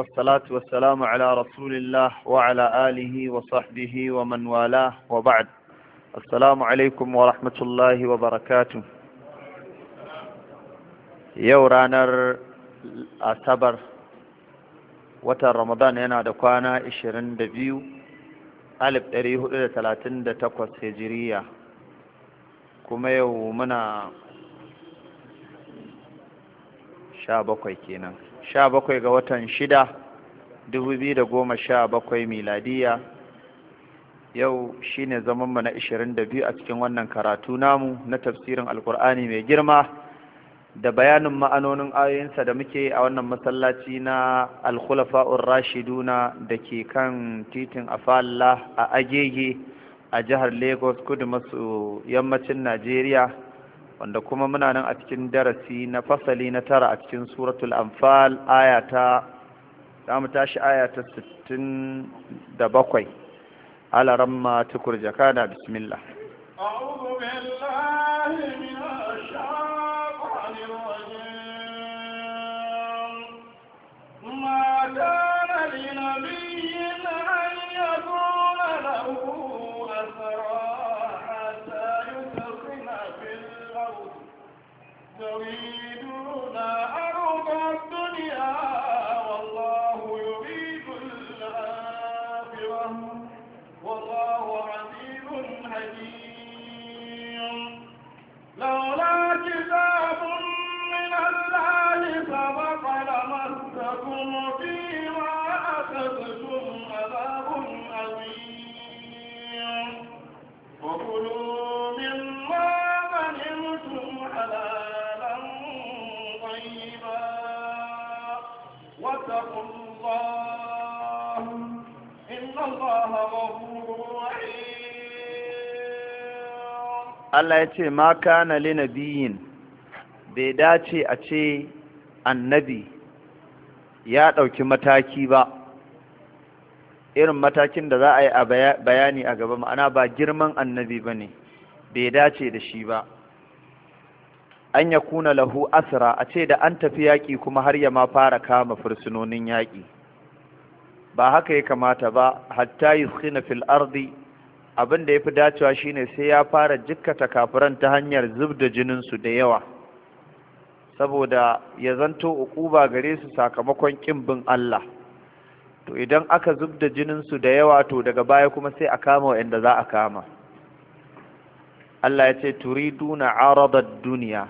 والصلاة والسلام على رسول الله وعلى آله وصحبه ومن والاه وبعد السلام عليكم ورحمة الله وبركاته yau ranar asabar watan ramadan yana da kwana 22 1438 hijiriya kuma yau muna 17 kenan Sha 17 ga watan shida, 6 2017 miladiya yau shine mu na 22 a cikin wannan karatu namu na tafsirin alkur'ani mai girma da bayanin ma'anonin ayoyinsa da muke a wannan masallaci na alkhulafa'ur rashiduna da ke kan titin a afalla a agege a jihar lagos kudu maso yammacin najeriya wanda kuma muna nan a cikin darasi na fasali na tara a cikin suratul anfal ayata ta za mu tashi aya ta 67 alaramma tukur jakana bismillah أعوذ واتقوا الله إن الله غفور رحيم الله يتي ما كان لنبي بيداتي أتي النبي ya ɗauki mataki ba irin matakin da za a yi a bayani a gaba ma'ana ba girman annabi ba ne bai dace da shi ba an ya kuna lahu asra a ce da an tafi yaƙi kuma har ya ma fara kama fursunonin yaƙi ba haka ya kamata ba hatta yuskhina fil ardi abin da fi dacewa shine sai ya fara jikkata kafiran ta hanyar zubda jinin su da yawa saboda ya zanto uquba gare su sakamakon kin bin Allah to idan aka zubda jinin su da yawa to daga baya kuma sai a kama wa'anda za a kama Allah ya ce turiduna aradad duniya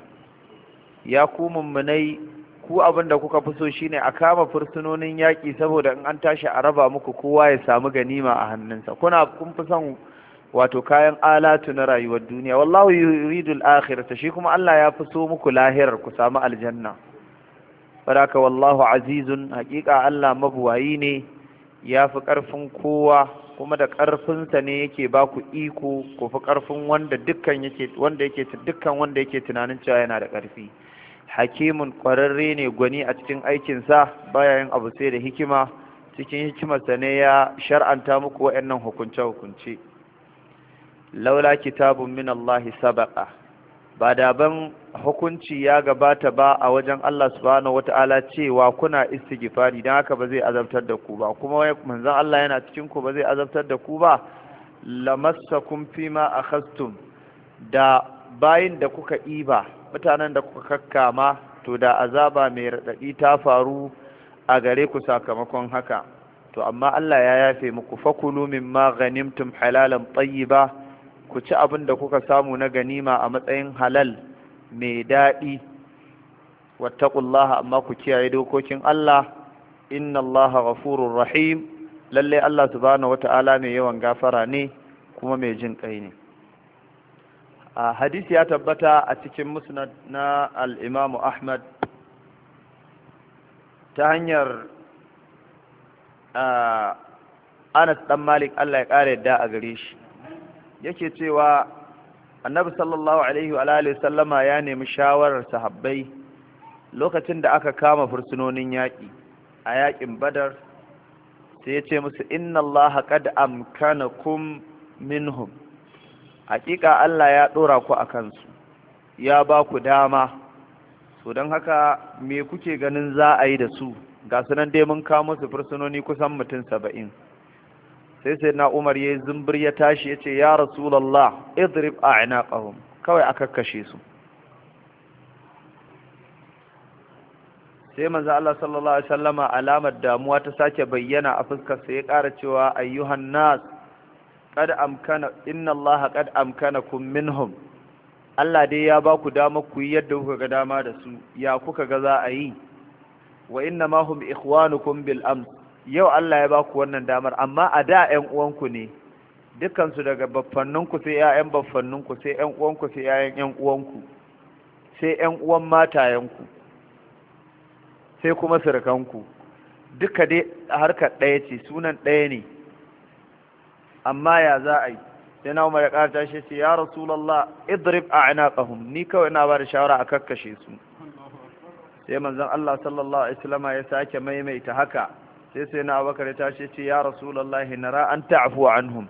ya ku mummunai ku abin da kuka fi so shine a kama fursunonin yaƙi saboda in an tashi a raba muku kowa ya samu ganima a hannunsa kuna kun fi son wato kayan alatu na rayuwar duniya wallahu ridul akhirata shi kuma Allah ya fi so muku lahirar ku samu aljanna baraka wallahu azizun haƙiƙa Allah mabuwayi ne ya fi ƙarfin kowa kuma da ƙarfinsa ne yake ba ku iko ku fi ƙarfin wanda yake dukkan wanda yake tunanin cewa yana da ƙarfi hakimun kwararre ne gwani a cikin aikinsa bayan abu sai da hikima cikin hikimarsa ne ya shar'anta muku waɗannan hukunce-hukunce laula kitabun min Allah sabaqa ba da ban hukunci ya gabata ba a wajen Allah subhanahu wata'ala cewa kuna istighfari dan haka ba zai azabtar da ku ba kuma manzon Allah yana cikin ku ba zai azabtar da ku ba lamassakum fima akhastum da bayin da kuka iba mutanen da kuka kakkama to da azaba mai raɗaɗi ta faru a gare ku sakamakon haka to amma Allah ya yafe muku fakulu mimma ghanimtum halalan tayyiba ku ci abin da kuka samu na ganima a matsayin halal mai daɗi wattaqullaha amma ku kiyaye dokokin Allah inna Allah ghafurur rahim lalle Allah subhanahu wata'ala mai yawan gafara ne kuma mai jin kai ne hadisi ya tabbata a cikin musnad na al'imamu ahmad ta hanyar anas ɗan malik allah ya ƙara yadda a gare shi yake cewa annabi sallallahu alaihi wa alihi sallama ya nemi shawarar sahabbai lokacin da aka kama fursunonin yaƙi a yaƙin badar sai ya ce musu inna allaha qad amkanakum minhum hakika Allah ya ɗora ku a kansu ya ba ku dama so don haka me kuke ganin za a yi da su ga sunan dai mun kawo musu fursunoni kusan mutum saba'in sai sai na umar ya yi zumbir ya tashi ya ce ya rasulallah idrib a ƙahun kawai a kashe su sai manzo Allah sallallahu alaihi wasallama alamar damuwa ta sake bayyana a fuskarsa ya ƙara cewa ayyuhan nas qad amkana inna allaha qad amkanakum minhum Allah dai ya ba ku dama ku yi yadda kuka ga dama da su ya kuka ga za a yi wa inna ma hum ikhwanukum bil am yau Allah ya ba ku wannan damar amma a da ƴan uwanku ne su daga ku sai ƴaƴan ku, sai ƴan uwanku sai ƴaƴan ƴan uwanku sai ƴan uwan ku sai kuma surukanku duka dai harkar ɗaya ce sunan ɗaya ne amma ya za a yi sai na umar ya karta shi sai ya rasulallah idrib a inaqahum ni kawai na ba da shawara a kakkashe su sai manzon Allah sallallahu alaihi wasallam ya sake maimaita haka sai sai na abakar ya tashi ce ya rasulallah nara an ta'fu anhum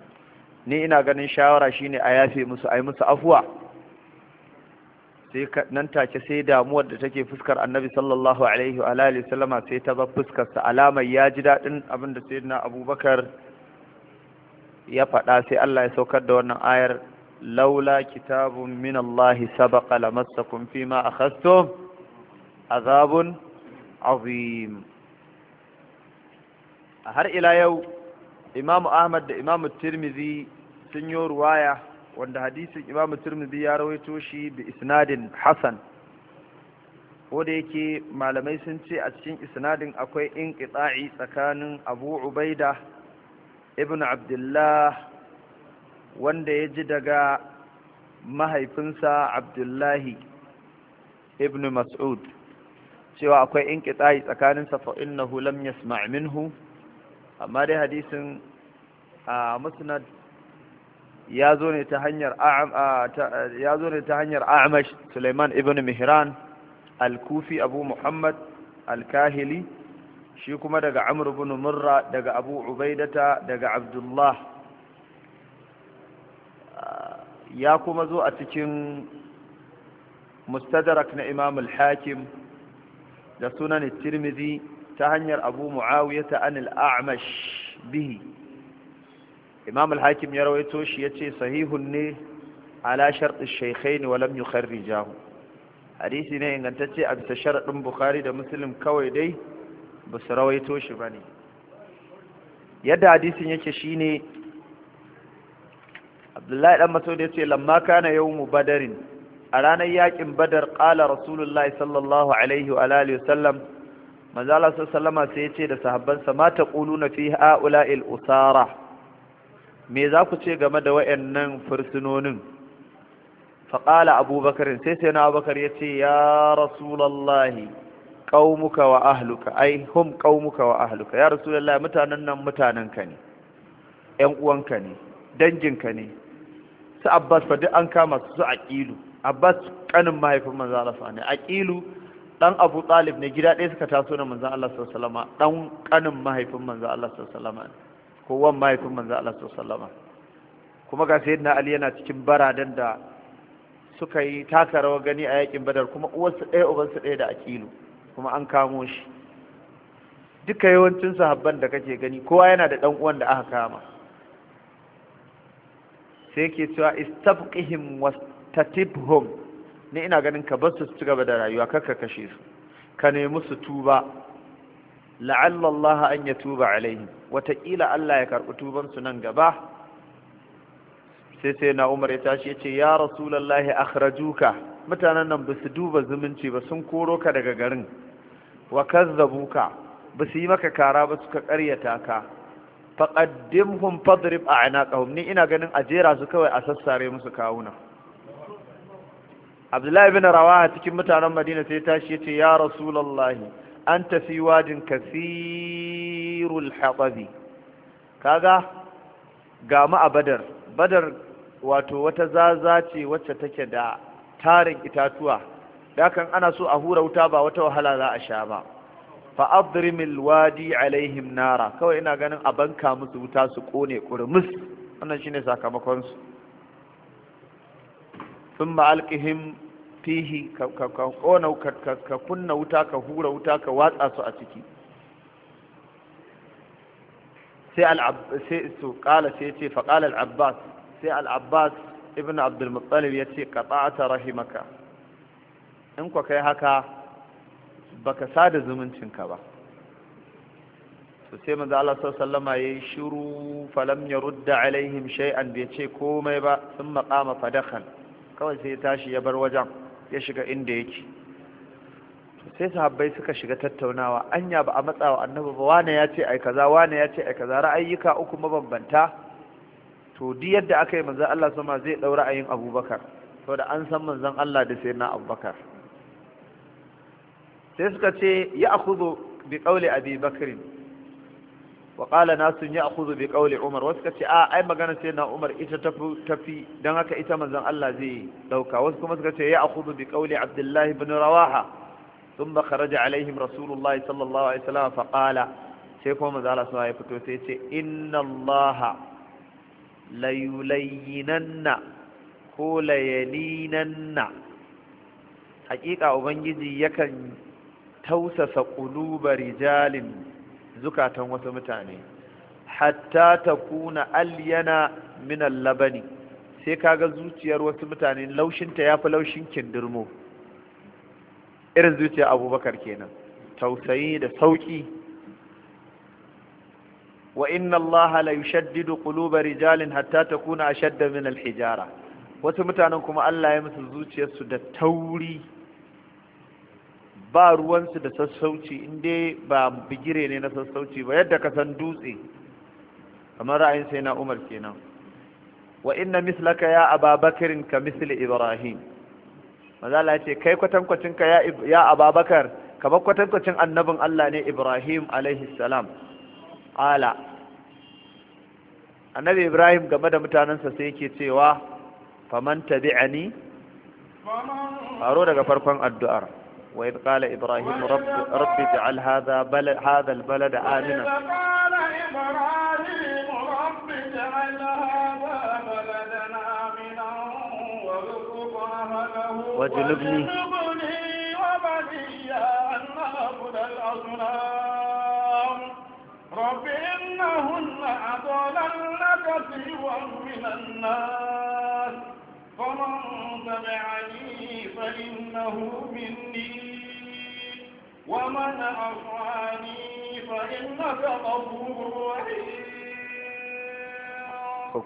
ni ina ganin shawara shine a yafe musu ai musu afuwa sai nan take sai damuwar da take fuskar annabi sallallahu alaihi wa alihi wasallama sai ta ba fuskar sa alamar ya ji dadin abin da sayyidina abubakar ya faɗa sai Allah ya saukar da wannan ayar laula kitabun min Allah sabaqa lamassakum fima akhadtum azabun azim har ila yau Imam Ahmad da Imam Tirmidhi sun yi ruwaya wanda hadisin Imam Tirmidhi ya rawaito shi bi isnadin hasan da yake malamai sun ce a cikin isnadin akwai inqita'i tsakanin Abu Ubaida ibn abdullah wanda ya ji daga mahaifinsa abdullahi ibn mas'ud cewa akwai in tsakanin tsakaninsa fa'innahu lam yasma' minhu amma dai hadisin a musnad ya zo ne ta hanyar a'amash suleiman ibn mihran al-kufi abu muhammad al-kahili shi kuma daga amr ibn murra daga abu ubaidata daga abdullah ya kuma zo a cikin mustadrak na imam al-hakim da sunan tirmidhi ta hanyar abu ta an al-a'mash bihi imam al-hakim ya rawaito shi ce sahihun ne ala shart ne shaykhain wa lam yukharrijahu hadisi ne ingantacce a bisa sharadin bukhari da muslim kawai dai ba su rawaito shi ba ne yadda hadisin yake shi ne abdullahi ɗan maso da ya ce lamma kana yau mu badarin a ranar yakin badar ƙala rasulullahi sallallahu alaihi wa alihi wasallam manzala sallama sai ya da sahabbansa ma ta ƙulu na fi usara me za ku ce game da wayannan fursunonin faƙala abubakar sai sai na abubakar ya ce ya rasulallahi qaumuka wa ahluka ai hum qaumuka wa ahluka ya rasulullahi mutanen nan mutanenka ne ƴan uwanka ne danginka ne su abbas fa duk an kama su su aqilu abbas kanin mahaifin manzo Allah sa ne aqilu dan abu talib ne gida ɗaya suka taso da manzo Allah sallallahu alaihi wasallam dan kanin mahaifin manzo Allah sallallahu alaihi wasallam ko wan mahaifin manzo Allah sallallahu alaihi wasallam kuma ga sayyidina ali yana cikin baradan da suka yi taka rawa gani a yakin badar kuma uwarsu ɗaya ubansu ɗaya da aqilu kuma an kamo shi duka yawancin sahabban da kake gani kowa yana da ɗan uwan da aka kama sai yake cewa istabqihim wastatibhum ni ina ganin ka bar su su gaba da rayuwa kakka kashe su ka nemi su tuba la'alla Allah an tuba alaihim wataƙila Allah ya karɓi tuban su nan gaba sai sai na Umar ya tashi ya ce ya rasulullahi akhrajuka mutanen nan ba su duba zumunci ba sun koro ka daga garin wa kazzabu ba su yi maka kara ba suka karyata ka faqaddimhum fadrib a'naqahum ni ina ganin ajera su kawai a sassare musu kawuna Abdullahi ibn Rawaha cikin mutanen Madina sai tashi yace ya Rasulullahi anta fi wadin kathirul hatabi kaga ga mu a Badar Badar wato wata zaza ce wacce take da tarin itatuwa dakan ana so a hura wuta ba wata wahala za a sha ba fa adrimil wadi alaihim nara kawai ina ganin a banka musu wuta su kone kurmus wannan shine sakamakon su thumma alqihim fihi ka kona ka kunna wuta ka hura wuta ka watsa su a ciki sai al sai su kala sai ce fa qala al abbas sai al abbas ibn abdulmuttalib ya ce ƙaɗa'ata rahimaka in kwa kai haka baka sada zumuncinka ba to sai manzo Allah sallama yayi shiru falam yarudda alaihim shay'an bai ce komai ba sun maqama fadakan kawai sai tashi ya bar wajen ya shiga inda yake sai sahabbai suka shiga tattaunawa anya ba a matsawa annabi ba wane ya ce ai kaza wane ya ce ai kaza ra'ayyuka uku mabambanta to duk yadda aka yi manzan Allah sama zai a yin abubakar to da an san manzan Allah da sai na abubakar sai suka ce ya akuzo bi ƙaule abi bakarin wa ƙala nasun ya akuzo bi ƙaule umar wasu ka ce a ai magana sai na umar ita tafi don haka ita manzan Allah zai ɗauka wasu kuma suka ce ya akuzo bi ƙaule abdullahi bin rawaha ثم خرج عليهم رسول الله صلى alaihi عليه وسلم ƙala sai kuma manzo Allah ya fito sai ya ce inna allaha layulayinanna ko layalinanna hakika ubangiji yakan tausasa ƙulubar rijalin zukatan wasu mutane hatta ta kuna alyana minan labani sai kaga zuciyar wasu mutane laushinta ya fi laushin kindirmo irin zuciyar abubakar kenan tausayi da sauƙi وإن الله لا يشدد قلوب رجال حتى تكون أشد من الحجارة وتمتعنون كما ألا يمثل زوجي يسود التوري ba ruwansu da sassauci inda ba bigire ne na sassauci ba yadda ka san dutse kamar ra'ayin sai na umar kenan wa inna mislaka ya ababakar ka misli ibrahim mazala ce kai kwatankwacinka ya ababakar kamar kwatankwacin annabin allah ne ibrahim alaihi salam ƙala annabi ibrahim game da mutanensa sai yake cewa faman tabi'ani faro daga farkon addu'ar wa idh qala ibrahim rabbi ij'al hadha balad hadha albalad amina واجنبني وبني أن نعبد الأصنام فإنهن أضللن كثيرا من الناس فمن تبعني فإنه مني ومن فإنك غفور رحيم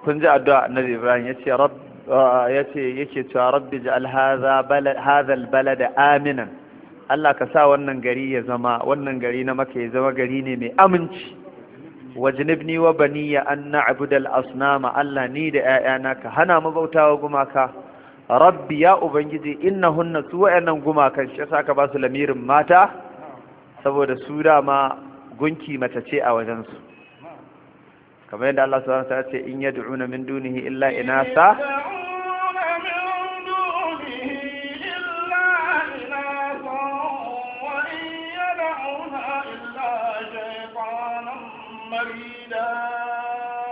kun ji addu'a annabi Ibrahim yace yace yake cewa rabbi ja'al hadha balad hadha aminan Allah ka sa wannan gari ya zama wannan gari na maka ya zama gari ne mai aminci wajnibni wa baniya an na'budal asnama Allah ni da 'ya'yana ka hana mu bautawa gumaka rabbi ya ubangiji innahunna su wayannan gumakan shi yasa ba su lamirin mata saboda su dama gunki mata ce a wajen su kamar yadda Allah subhanahu wa ta'ala ce in yad'una min dunihi illa inasa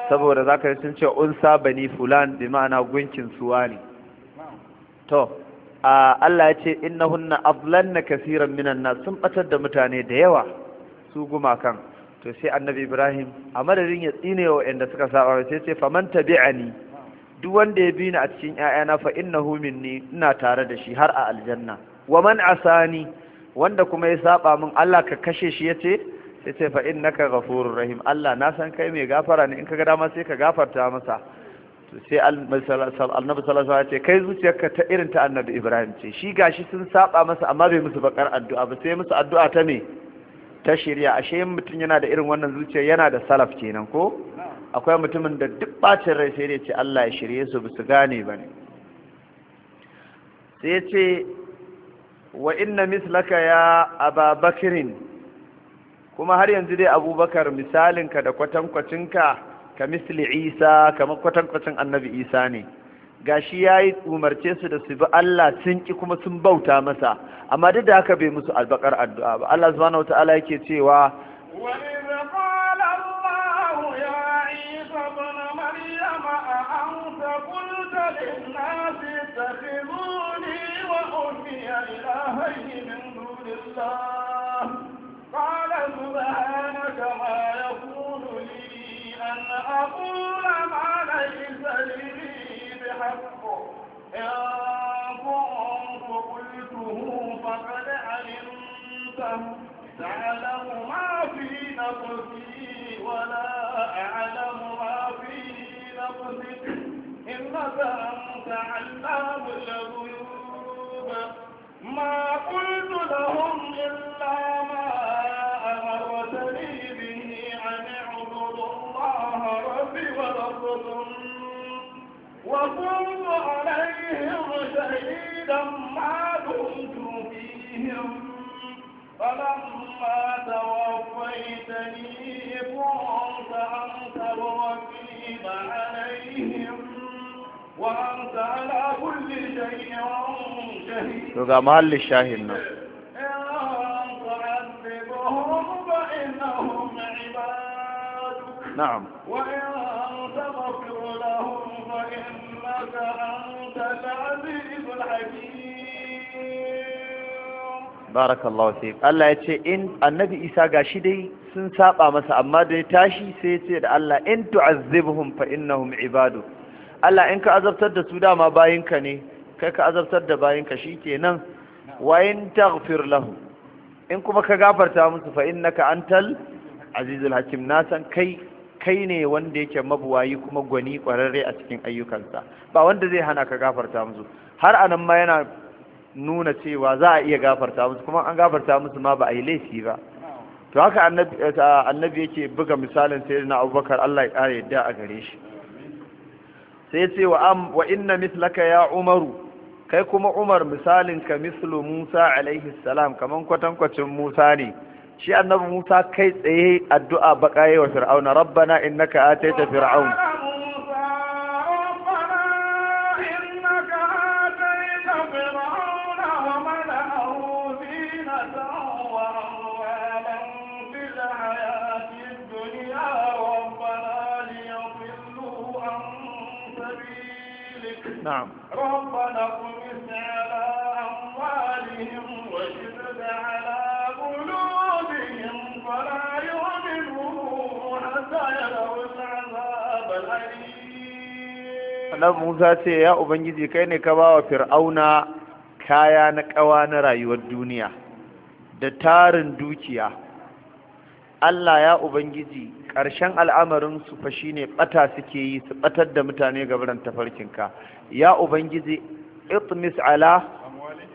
saboda za ka sun ce unsa bani fulan bi ma'ana gunkin suwa ne to Allah ya ce na na kaseeran minan na sun batar da mutane da yawa su gumakan to sai annabi Ibrahim a madadin ya tsine wa inda suka saba sai ce faman ni. duk wanda ya bi ni a cikin ƴaƴana fa humin minni ina tare da shi har a aljanna wa man asani wanda kuma ya saba min Allah ka kashe shi ya ce. sai ce fa innaka ghafurur rahim Allah na san kai mai gafara ne in ka ga dama sai ka gafarta masa to sai annabi sallallahu alaihi ce kai zuciyarka ta irin ta annabi Ibrahim ce shi gashi sun saba masa amma bai musu bakar addu'a ba sai musu addu'a ta me ta shirya ashe mutum yana da irin wannan zuciya yana da salaf kenan ko akwai mutumin da duk bacin rai sai ya ce Allah ya shirye su su gane ba ne sai ya ce wa inna mislaka ya ababakirin kuma har yanzu dai abubakar misalinka da kwatankwacinka ka misli isa kamar kwatankwacin annabi isa ne Ga shi ya yi umarce su da su bi Allah sun ki kuma sun bauta masa amma duk da haka bai musu albakar addu'a ba Allah subhanahu Ta'ala yake cewa اتخذوني وأمي قال سبحانك ما يكون لي أن أقول ما ليس لي بحق إن كنت قلته فقد علمته تعلم ما في نفسي ولا أعلم ما في نفسك إنك أنت علام الغيوب ما قلت لهم إلا ما ما دمتم فيهم فلما توفيتني كنت أنت الوكيل عليهم وأنت على كل شيء شهيد تقع محل الشاهد نعم. إن تعذبهم فإنهم عبادك نعم وإن barakallahu sai Allah ya ce in annabi Isa gashi dai sun saba masa amma da ya tashi sai ya ce da Allah in tu'azzibhum fa innahum ibadu Allah in ka azabtar da su dama bayinka ne kai ka azabtar da bayinka shikenan wa in taghfir lahum in kuma ka gafarta musu fa innaka antal azizul hakim na san kai kai ne wanda yake mabuwayi kuma gwani kwararre a cikin ayyukansa ba wanda zai hana ka gafarta musu har anan ma yana nuna cewa za a iya gafarta musu kuma an gafarta musu ma ba a yi laifi ba to haka annabi eh, yake buga misalin na abubakar Allah ya kare yadda a gare shi sai ya ce wa am wa inna mislaka ya umaru kai kuma umar misalin ka mislu musa alaihi salam kaman kwatankwacin musa ne shi annabi musa kai tsaye addu'a bakaye wa fir'auna rabbana innaka ataita fir'auna نعم ربنا اطمس على أموالهم واشدد على قلوبهم فلا يؤمنون حتى يروا العذاب الأليم annabi Musa ce ya ubangiji kai ne ka ba wa fir'auna kaya na kawa na rayuwar duniya da tarin dukiya Allah ya ubangiji ƙarshen al'amarin su fa shine ɓata suke yi su ɓatar da mutane gabaran tafarkinka ya ubangiji itmis ala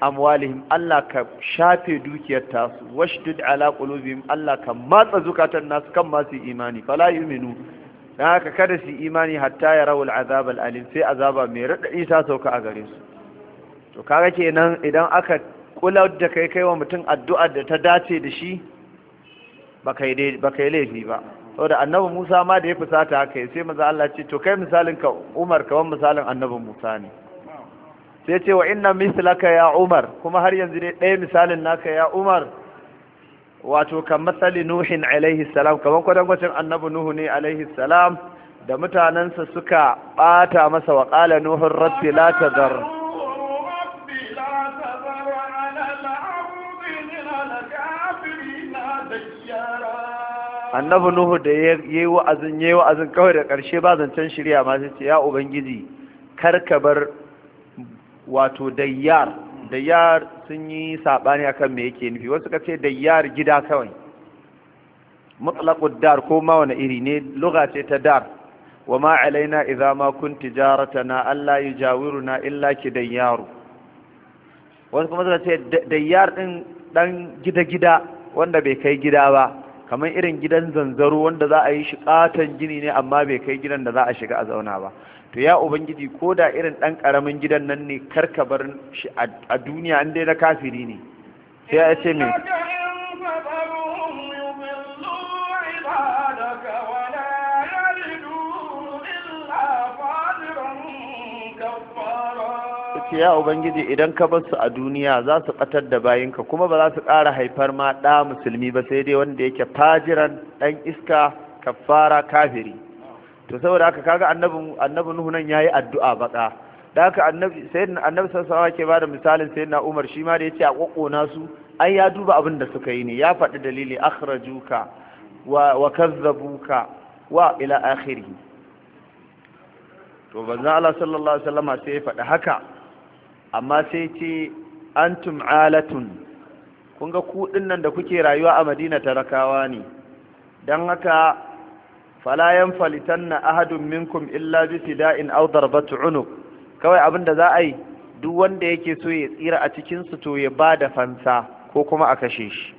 amwalihim Allah ka shafe dukiyar tasu washdud ala qulubihim Allah ka matsa zukatan nasu kan masu imani fala yu'minu haka kada su imani hatta ya rawul azab al alim sai azaba mai radadi ta sauka a gare su to kaga kenan idan aka kula da kai kai wa mutum addu'ar da ta dace da shi ba kai laifi ba saboda annabi Musa ma da ya fusata haka sai maza Allah ce to kai misalin ka Umar kaman misalin annabi Musa ne sai ce wa inna mislaka ya Umar kuma har yanzu dai ɗaya misalin naka ya Umar wato kan matsali Nuhin alaihi salam kaman kwatankwacin annabi Nuhu ne alaihi salam da mutanensa suka ɓata masa wa ƙala Nuhun rabbi la tadhar annabi nuhu da yayi wa'azin yayi wa'azin kawai da karshe ba zancen shirya ma sai ce ya ubangiji kar ka bar wato dayyar dayyar sun yi sabani akan me yake nufi wasu ka ce dayyar gida kawai mutlaqud dar ko ma wani iri ne lugha ce ta dar wa ma alaina idza ma kun tijaratana alla yujawiruna illa kidayyaru wasu kuma suka ce dayyar din dan gida-gida wanda bai kai gida ba kamar irin gidan zanzaro wanda za a yi shi katon gini ne amma bai kai gidan da za a shiga a zauna ba to ya ubangiji ko da irin ɗan karamin gidan nan ne karka bar shi a duniya an dai na kafiri ne sai ya ce mai ya ubangiji idan ka bar su a duniya za su batar da bayinka kuma ba za su ƙara haifar ma ɗa musulmi ba sai dai wanda yake fajiran ɗan iska kafara kafiri to saboda haka kaga annabi annabi nuhu nan yayi addu'a baka da haka annabi sayyidina annabi sallallahu ke bada misalin sayyidina umar shi ma da ya ce a kokona su ai ya duba abin da suka yi ne ya faɗi dalili akhrajuka wa wa kazzabuka wa ila akhirih to banzan Allah sallallahu Alaihi sai ya faɗi haka amma sai ce antum alatun kun ga kuɗin nan da kuke rayuwa a madina tarakawa ne don haka falayan falitan na ahadun minkum illa bisi da'in audar batu unuk kawai abin da za a yi duk wanda yake so ya tsira a cikin su to ya ba da fansa ko kuma a kashe shi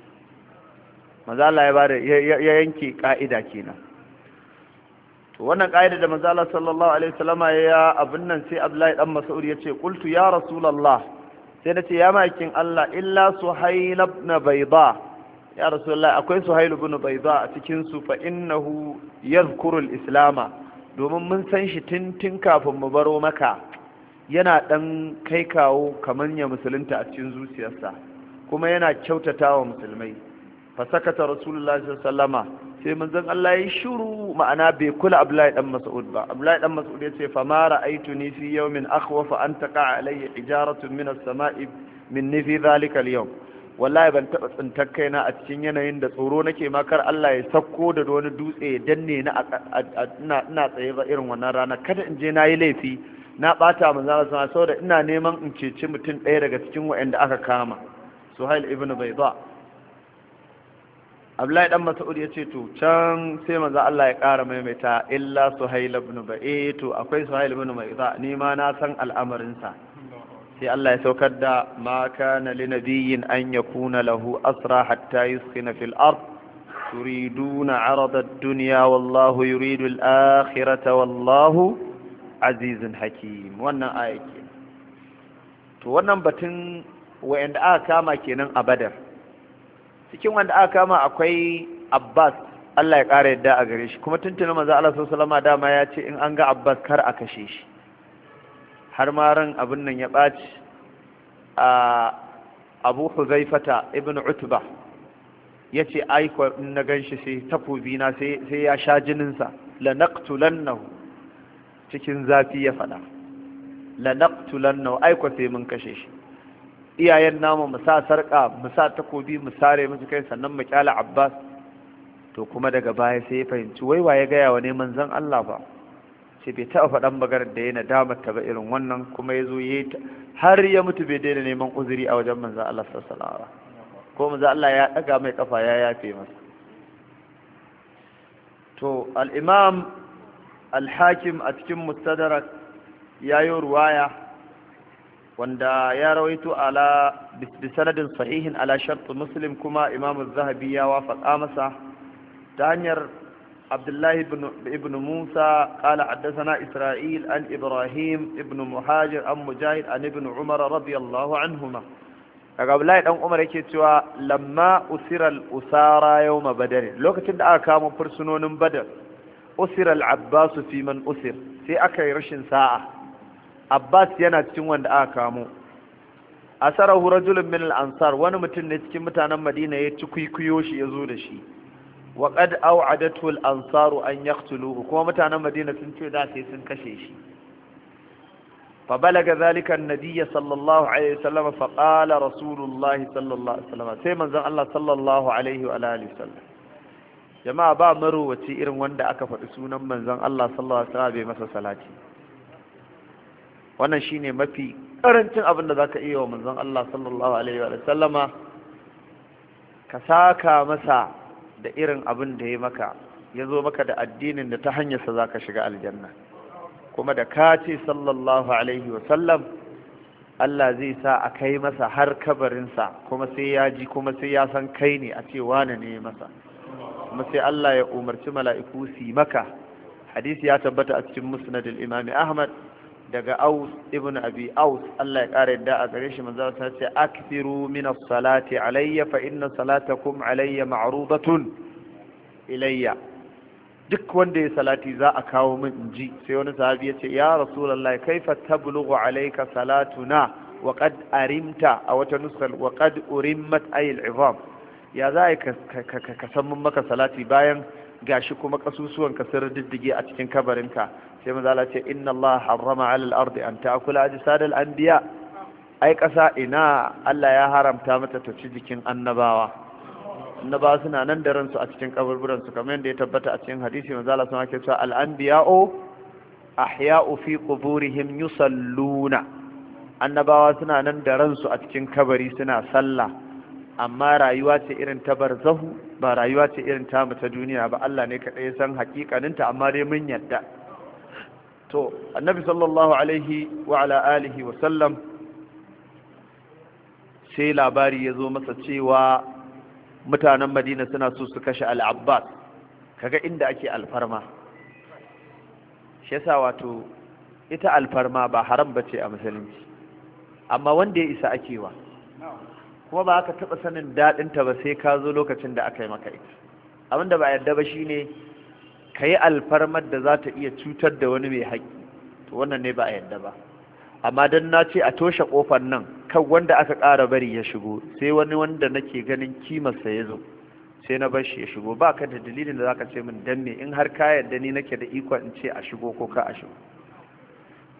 maza Allah ya yanke ka'ida kenan wannan ƙa'ida da manzo sallallahu alaihi wasallama ya abin nan sai Abdullahi dan Mas'ud ya ce qultu ya rasulullah sai nace ya makin Allah illa suhayl ibn bayda ya rasulullah akwai suhayl ibn bayda a cikin su fa innahu yadhkuru al-islama domin mun san shi tintin kafin mu baro maka yana ɗan kai kawo kamar ya musulunta a cikin zuciyarsa kuma yana kyautata wa musulmai fasakata rasulullah sallama sai manzon Allah ya shiru ma'ana bai kula Abdullahi dan Mas'ud ba Abdullahi dan Mas'ud ya ce fa ma ni fi yawmin akhwafa an taqa alayya hijaratun min as-sama'i min nifi dhalika al-yawm wallahi ban taɓa tsintar kaina a cikin yanayin da tsoro nake ma kar Allah ya sako da wani dutse ya danne na ina tsaye ba irin wannan rana kada in je na yi laifi na bata manzon Allah sallallahu alaihi saboda ina neman in ceci mutum ɗaya daga cikin waɗanda aka kama Suhail ibn Bayda abdullahi dan mas'ud ya ce to can sai manzo Allah ya ƙara maimaita illa suhail ibn ba'i to akwai suhail ibn maiza ni ma na san al'amarin sa sai Allah ya saukar da ma kana li nabiyyin an yakuna lahu asra hatta yuskhina fil ard turiduna arada ad-dunya wallahu yuridu al-akhirata wallahu azizun hakim wannan aya to wannan batun wayanda aka kama kenan a badar cikin wanda aka kama akwai abbas allah ya ƙara yadda a gare shi kuma tuntuni maza allah sau salama dama ya ce in an ga abbas kar a kashe shi har ma ran abin nan ya ɓaci a abu huzaifata ibn utba ya ce aiko na gan shi sai takobina sai ya sha jininsa la naqtulannahu cikin zafi ya faɗa la naqtulannahu aiko sai mun kashe shi iyayen namu mu sa sarƙa mu sa takobi mu sare musu kai sannan mu kyala abbas to kuma daga baya sai ya fahimci wai wa ya gaya wa neman zan allah ba ce bai taɓa faɗan maganar da ya nadamar ta ba irin wannan kuma ya zo ya har ya mutu bai daina neman uzuri a wajen manzan allah sallallahu ko manzan allah ya ɗaga mai ƙafa ya yafe masa to al'imam imam al a cikin mustadrak ya yi ruwaya wanda ya rawaito ala bisanadin sahihin ala shartu muslim kuma imam zahabi ya wafaƙa masa ta hanyar abdullahi ibn musa ƙala haddasana isra'il an ibrahim ibn muhajir an mujahid an ibn umar radiyallahu anhuma daga abdullahi dan umar yake cewa lamma usiral usara yau badar lokacin da aka kama fursunonin badar usiral abbasu fi man usir sai aka yi rashin sa'a abbas yana cikin wanda aka kamo asarahu rajulun min al-ansar wani mutum ne cikin mutanen madina ya ci kwikwiyo shi ya zo da shi wa qad au'adatu al-ansaru an yaqtuluhu kuma mutanen madina sun ce da sai sun kashe shi fa balaga zalika an-nabiy sallallahu alaihi wasallam fa qala rasulullahi sallallahu alaihi wasallam sai manzon Allah sallallahu alaihi wa alihi wasallam jama'a ba marowaci irin wanda aka faɗi sunan manzon Allah sallallahu alaihi wasallam bai masa salati wannan shine mafi karancin abin da zaka iya wa manzon Allah sallallahu alaihi wa ka saka masa da irin abin da ya maka ya zo maka da addinin da ta hanyarsa zaka shiga aljanna kuma da kace sallallahu alaihi wa sallam Allah zai sa a kai masa har kabarinsa kuma sai ya ji kuma sai ya san kai ne a ce wane ne masa kuma sai Allah ya umarci mala'iku su maka hadisi ya tabbata a cikin musnadul imami Ahmad daga aus ibn abi aus Allah ya kare yadda a gare shi manzo ta ce akthiru min as-salati alayya fa inna salatakum alayya ma'rudatun ilayya duk wanda ya salati za a kawo min inji sai wani sahabi ya ce ya rasulullahi kaifa tablughu alayka salatuna wa qad arimta a wata nusal wa qad urimmat ayil izam ya za ka san maka salati bayan gashi kuma kasusuwan ka sun diddige a cikin kabarinka sai manzala ce inna Allah harrama alal ardi an ta'kula ajsadal anbiya ai kasa ina Allah ya haramta mata ta ci jikin annabawa annabawa suna nan da ransu a cikin kaburburan su kamar yadda ya tabbata a cikin hadisi manzala sun ake cewa al anbiya'u ahya'u fi quburihim yusalluna annabawa suna nan da ransu a cikin kabari suna sallah amma rayuwa ce irin ta barzahu ba rayuwa ce irin ta mu duniya ba Allah ne kaɗai ya san hakikaninta amma dai mun yadda to annabi sallallahu alaihi wa ala alihi wa sallam sai labari ya zo masa cewa mutanen madina suna so su kashe al'abbas kaga inda ake alfarma shi wato ita alfarma ba haram bace a musulunci amma wanda ya isa akewa kuma ba aka taɓa sanin daɗinta ba sai ka zo lokacin da aka yi maka ita abinda ba yarda ba shine ka yi alfarmar da za ta iya cutar da wani mai haƙƙi to wannan ne ba a yadda ba amma don na ce a toshe ƙofar nan kan wanda aka ƙara bari ya shigo sai wani wanda nake ganin kimarsa ya zo sai na bar shi ya shigo ba ka da dalilin da za ka ce min don me in har ka yarda ni nake da ikon in ce a shigo ko ka a shigo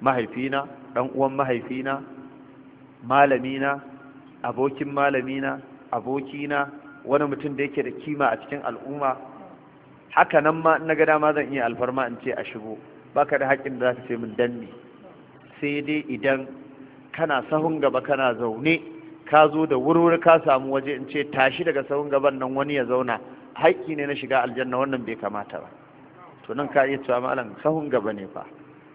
mahaifina ɗan uwan mahaifina malamina abokin malamina abokina wani mutum da yake da kima a cikin al'umma haka nan ma na gada ma zan iya alfarma in ce a shigo ba ka da haƙin da za ka ce min danne sai dai idan kana sahun gaba kana zaune ka zo da wurwuri ka samu waje in ce tashi daga sahun gaban nan wani ya zauna haƙƙi ne na shiga aljanna wannan bai kamata ba to nan ka iya cewa malam sahun gaba ne fa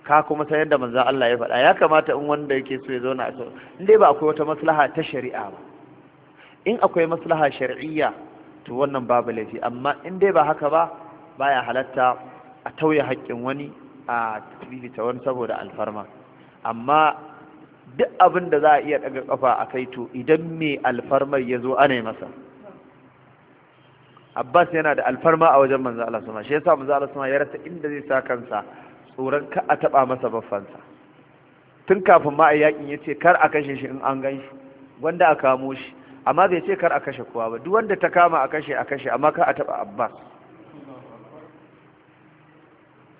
ka kuma san yadda manzo Allah ya faɗa ya kamata in wanda yake so ya zauna a so in dai ba akwai wata maslaha ta shari'a ba in akwai maslaha shar'iyya to wannan babu laifi amma in dai ba haka ba baya halatta a tauye haƙƙin wani a fifita wani saboda alfarma amma duk abin da za a iya ɗaga ƙafa a kai to idan mai alfarmar ya zo ana masa abbas yana da alfarma a wajen manzo Allah sama shi yasa manzo Allah ya rasa inda zai sa kansa tsoron ka a taba masa baffansa tun kafin ma a yakin ya kar a kashe shi in an gan shi gwanda a kamo shi amma bai ce kar a kashe kowa ba duk wanda ta kama a kashe a kashe amma ka a taba abbas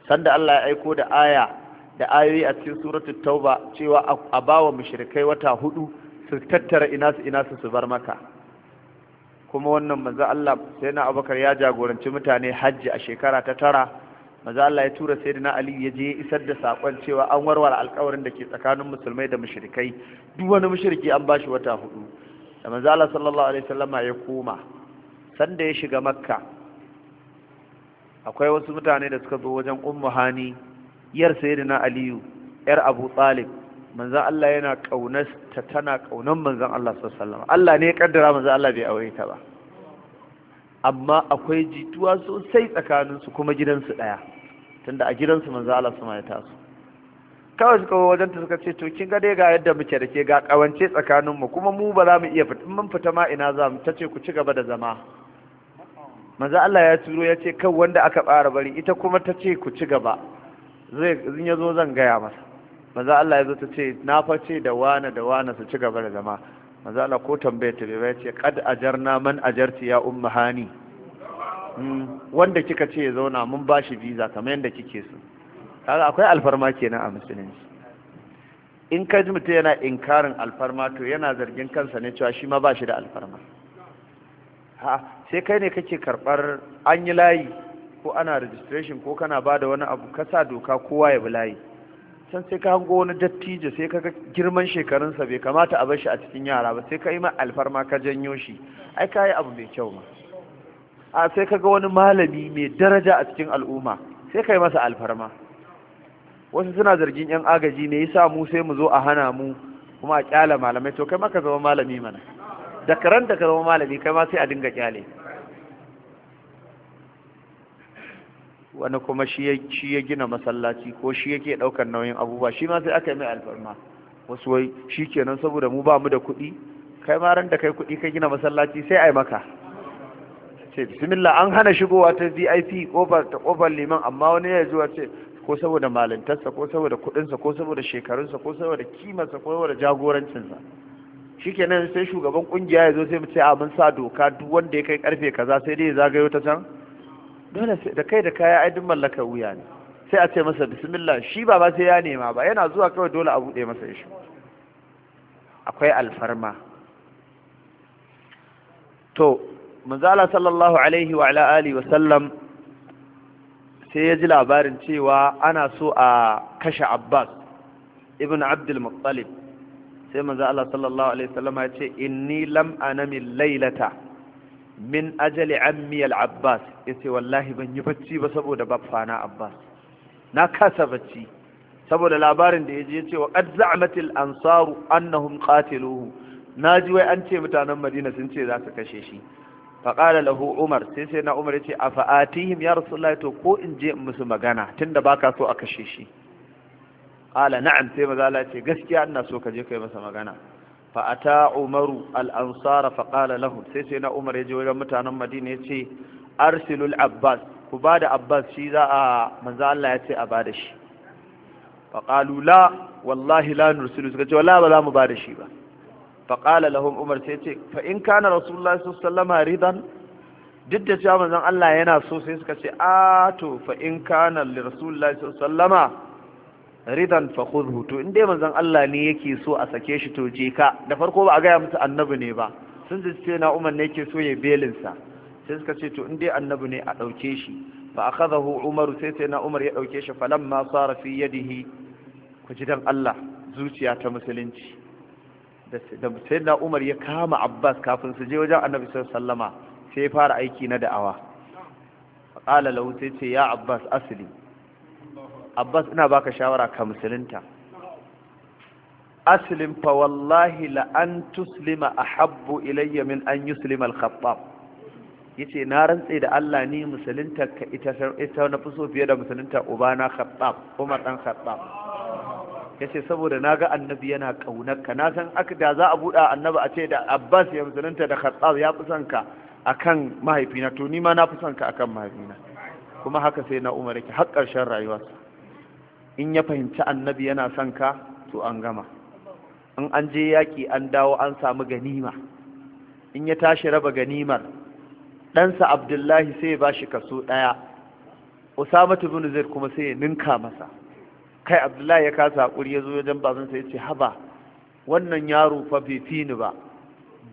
sanda Allah ya aiko da aya da ayoyi a cikin suratul tauba cewa a bawa mushrikai wata hudu su tattara ina su ina su bar maka kuma wannan manzo Allah sai na Abubakar ya jagoranci mutane hajji a shekara ta tara manzo Allah ya tura na Ali ya je isar da sakon cewa an warware alƙawarin da ke tsakanin musulmai da mushrikai duk wani mushriki an bashi wata hudu da manzo Allah sallallahu alaihi wasallama ya koma sanda ya shiga makka akwai wasu mutane da suka zo wajen ummu hani yar sayyidina aliyu yar abu talib manzan Allah yana kaunar ta tana kaunar manzan Allah sallallahu alaihi wasallam Allah ne ya kaddara manzan Allah bai aure ta ba amma akwai jituwa sosai tsakaninsu kuma gidansu ɗaya tunda a gidansu manzo Allah sama ya taso kawai suka wajen ta suka ce to kin ga dai ga yadda muke da ke ga kawance tsakaninmu kuma mu ba za mu iya fita mun fita ma ina za mu tace ku ci gaba da zama manzo Allah ya turo ya ce kan wanda aka fara bari ita kuma ta ce ku ci gaba zai in ya zo zan gaya masa manzo Allah ya zo ta ce na face da wane da wane su ci gaba da zama manzo Allah ko tambaye ta bai ce kad ajarna man ajarti ya umma hani hmm, wanda kika ce ya zauna mun bashi visa kamar yadda kike so kaga akwai alfarma kenan a musulunci in ka ji mutum yana inkarin alfarma to yana zargin kansa ne cewa shi ma ba shi da alfarma sai kai ne kake karɓar an yi layi ko ana registration ko kana ba da wani abu kasa doka kowa ya bi layi can sai ka hango wani dattijo sai ka girman shekarunsa bai kamata a bar shi a cikin yara ba sai ka yi ma alfarma ka janyo shi ai ka yi abu mai kyau ma a sai ka ga wani malami mai daraja a cikin al'umma sai ka yi masa alfarma wasu suna zargin yan agaji ne yasa mu sai mu zo a hana mu kuma a kyala malamai to kai ma ka zama malami mana da karanta da ka zama malami kai ma sai a dinga kyale wani kuma shi ya gina masallaci ko shi yake ɗaukar nauyin abubuwa shi ma sai aka yi mai alfarma wasu wai shi kenan saboda mu ba mu da kuɗi kai ma ran da kai kuɗi ka gina masallaci sai ayi maka ce bismillah an hana shigowa ta vip kofar ta kofar liman amma wani ya zuwa ce ko saboda malintarsa ko saboda kuɗinsa ko saboda shekarunsa ko saboda kimarsa ko saboda jagorancinsa kenan sai shugaban kungiya ya zo sai mu ce a mun sa doka duk wanda ya kai karfe kaza sai dai ya zagayo ta can dole da kai da kaya ai duk mallakar wuya ne sai a ce masa bismillah shi ba ba sai ya nema ba yana zuwa kawai dole a buɗe masa shi akwai alfarma to manzala sallallahu alaihi wa alihi wa sallam sai ya ji labarin cewa ana so a kashe abbas ibn abdul muttalib sai manzala sallallahu alaihi sallam ya ce inni lam anami laylata min ajali ammi al-abbas yace wallahi ban yi bacci ba saboda baffana abbas na kasa bacci saboda labarin da yaji yace wa qad za'amat al-ansaru annahum qatiluhu naji wai an ce mutanen madina sun ce za su kashe shi fa qala lahu umar sai sai na umar yace afa atihim ya rasulullahi to ko in je in musu magana tunda baka so a kashe shi qala na'am sai maza Allah ce gaskiya ina so ka je kai masa magana fa'ata umaru al'ansara faƙala lahu sai sai na umar ya je wajen mutanen madina ya ce arsilul abbas ku ba da abbas shi za a manza Allah ya ce a ba da shi faƙalu la wallahi la nursilu suka ce wallahi ba za mu ba da shi ba faƙala lahum umar sai ce fa in kana rasulullahi sallallahu alaihi ridan duk da cewa manzon Allah yana so sai suka ce a to fa in kana li rasulullahi sallallahu ridan fa khudhu to in dai manzon Allah ne yake so a sake shi to je ka da farko ba a gaya musu annabi ne ba sun ji ce na Umar ne yake so ya belin sa sai suka ce to in dai annabi ne a dauke shi fa akhadahu Umar sai sai na Umar ya dauke shi falamma sara fi yadihi ku ji dan Allah zuciya ta musulunci da sai na Umar ya kama Abbas kafin su je wajen Annabi sallallahu alaihi wasallama sai fara aiki na da'awa qala lahu sai ce ya Abbas asli abbas ina baka shawara ka musulunta aslim fa wallahi la an tuslima ahabbu ilayya min an yuslima al-khattab yace na rantse da Allah ni musulunta ka ita ita na so fiye da musulunta ubana khattab Umar dan khattab yace saboda naga annabi yana kaunar ka na san aka da za a buɗa annabi a ce da Abbas ya musulunta da khattab ya fi son ka akan mahaifina to ni ma na fi son ka akan mahaifina kuma haka sai na Umar yake har ƙarshen rayuwarsa in ya fahimci annabi yana son ka to an gama in an je yaki an dawo an samu ganima in ya tashi raba ganimar ɗansa abdullahi sai ya bashi kaso ɗaya usama bin zai kuma sai ya ninka masa kai abdullahi ya kasa haƙuri ya zo wajen babansa ya ce haba wannan yaro fa bai fi ni ba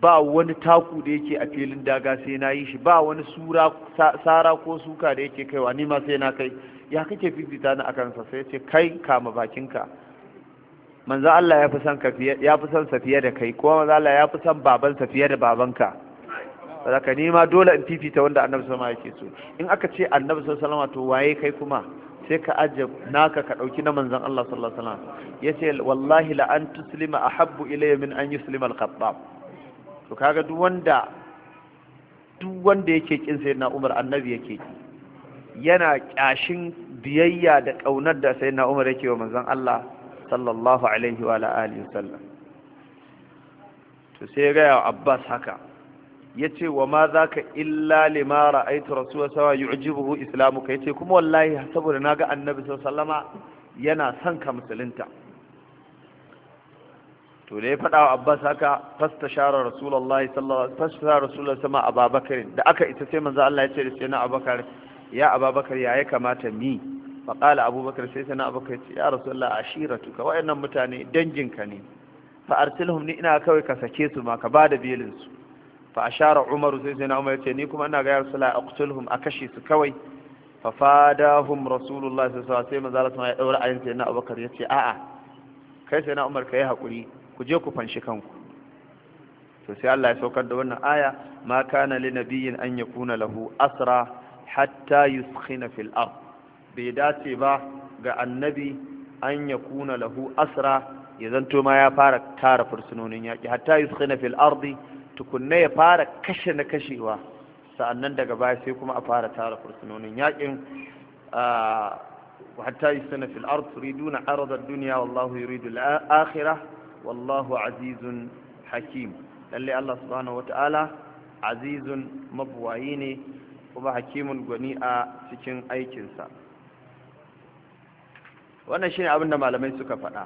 ba wani taku da yake a filin daga sai na yi shi ba wani sura sara ko suka da yake kaiwa ni ma sai na kai ya kake fifita ni akan sa sai ce kai kama bakinka manzo Allah ya fi san ka fiye ya fi son sa fiye da kai kuma manzo Allah ya fi son baban sa fiye da babanka saka ni ma dole in fifita wanda annabi sallallahu alaihi wasallam yake so in aka ce annabi sallallahu alaihi wasallam to waye kai kuma sai ka ajab naka ka dauki na manzon Allah sallallahu alaihi wasallam yace wallahi la an tuslima ahabbu ilayya min an yuslima al-khattab to kaga duk wanda duk wanda yake kin sayyidina Umar annabi yake ki yana kyashin biyayya da kaunar da sayyidina Umar yake wa manzon Allah sallallahu alaihi wa alihi wasallam to sai ga Abbas haka yace wa ma zaka illa lima ra'aytu rasul sawa yu'jibuhu islamuka yace kuma wallahi saboda naga annabi sallallahu alaihi wasallama yana son ka musulunta to da ya faɗa wa abbas haka fasta shara rasulallah sallallahu sama ababakar da aka ita sai manzo Allah ya ce da sai na ya ababakar ya ya kamata mi faƙala abubakar sai sai na abakar ce ya rasulallah ashiratuka wa'annan mutane danginka ne fa arsilhum ni ina kawai ka sake su ma ka bada belin su fa ashara umaru sai sai na umar ya ce ni kuma ina ga ya rasulallah aqtulhum a kashe su kawai fa fadahum rasulullah sallallahu alaihi wasallam sai manzo Allah ya daura ayin sai na abakar ya ce a'a kai sai na umar ka yi haƙuri ku je ku fanshi kanku to sai Allah ya saukar da wannan aya ma kana li nabiyyin an yakuna lahu asra hatta yuskhina fil ard bai dace ba ga annabi an yakuna lahu asra ya zanto ma ya fara tara fursunonin yaki hatta yuskhina fil ard tukunna ya fara kashe na kashewa sa'annan daga baya sai kuma a fara tara fursunonin yakin ah, hatta yuskhina fil ard turiduna arda ad-dunya wallahu yuridu al-akhirah wallahu azizun hakim lalle Allah subhanahu wata'ala azizun mabuwayi ne kuma hakimun gwani a cikin aikinsa wannan shine abin da malamai suka faɗa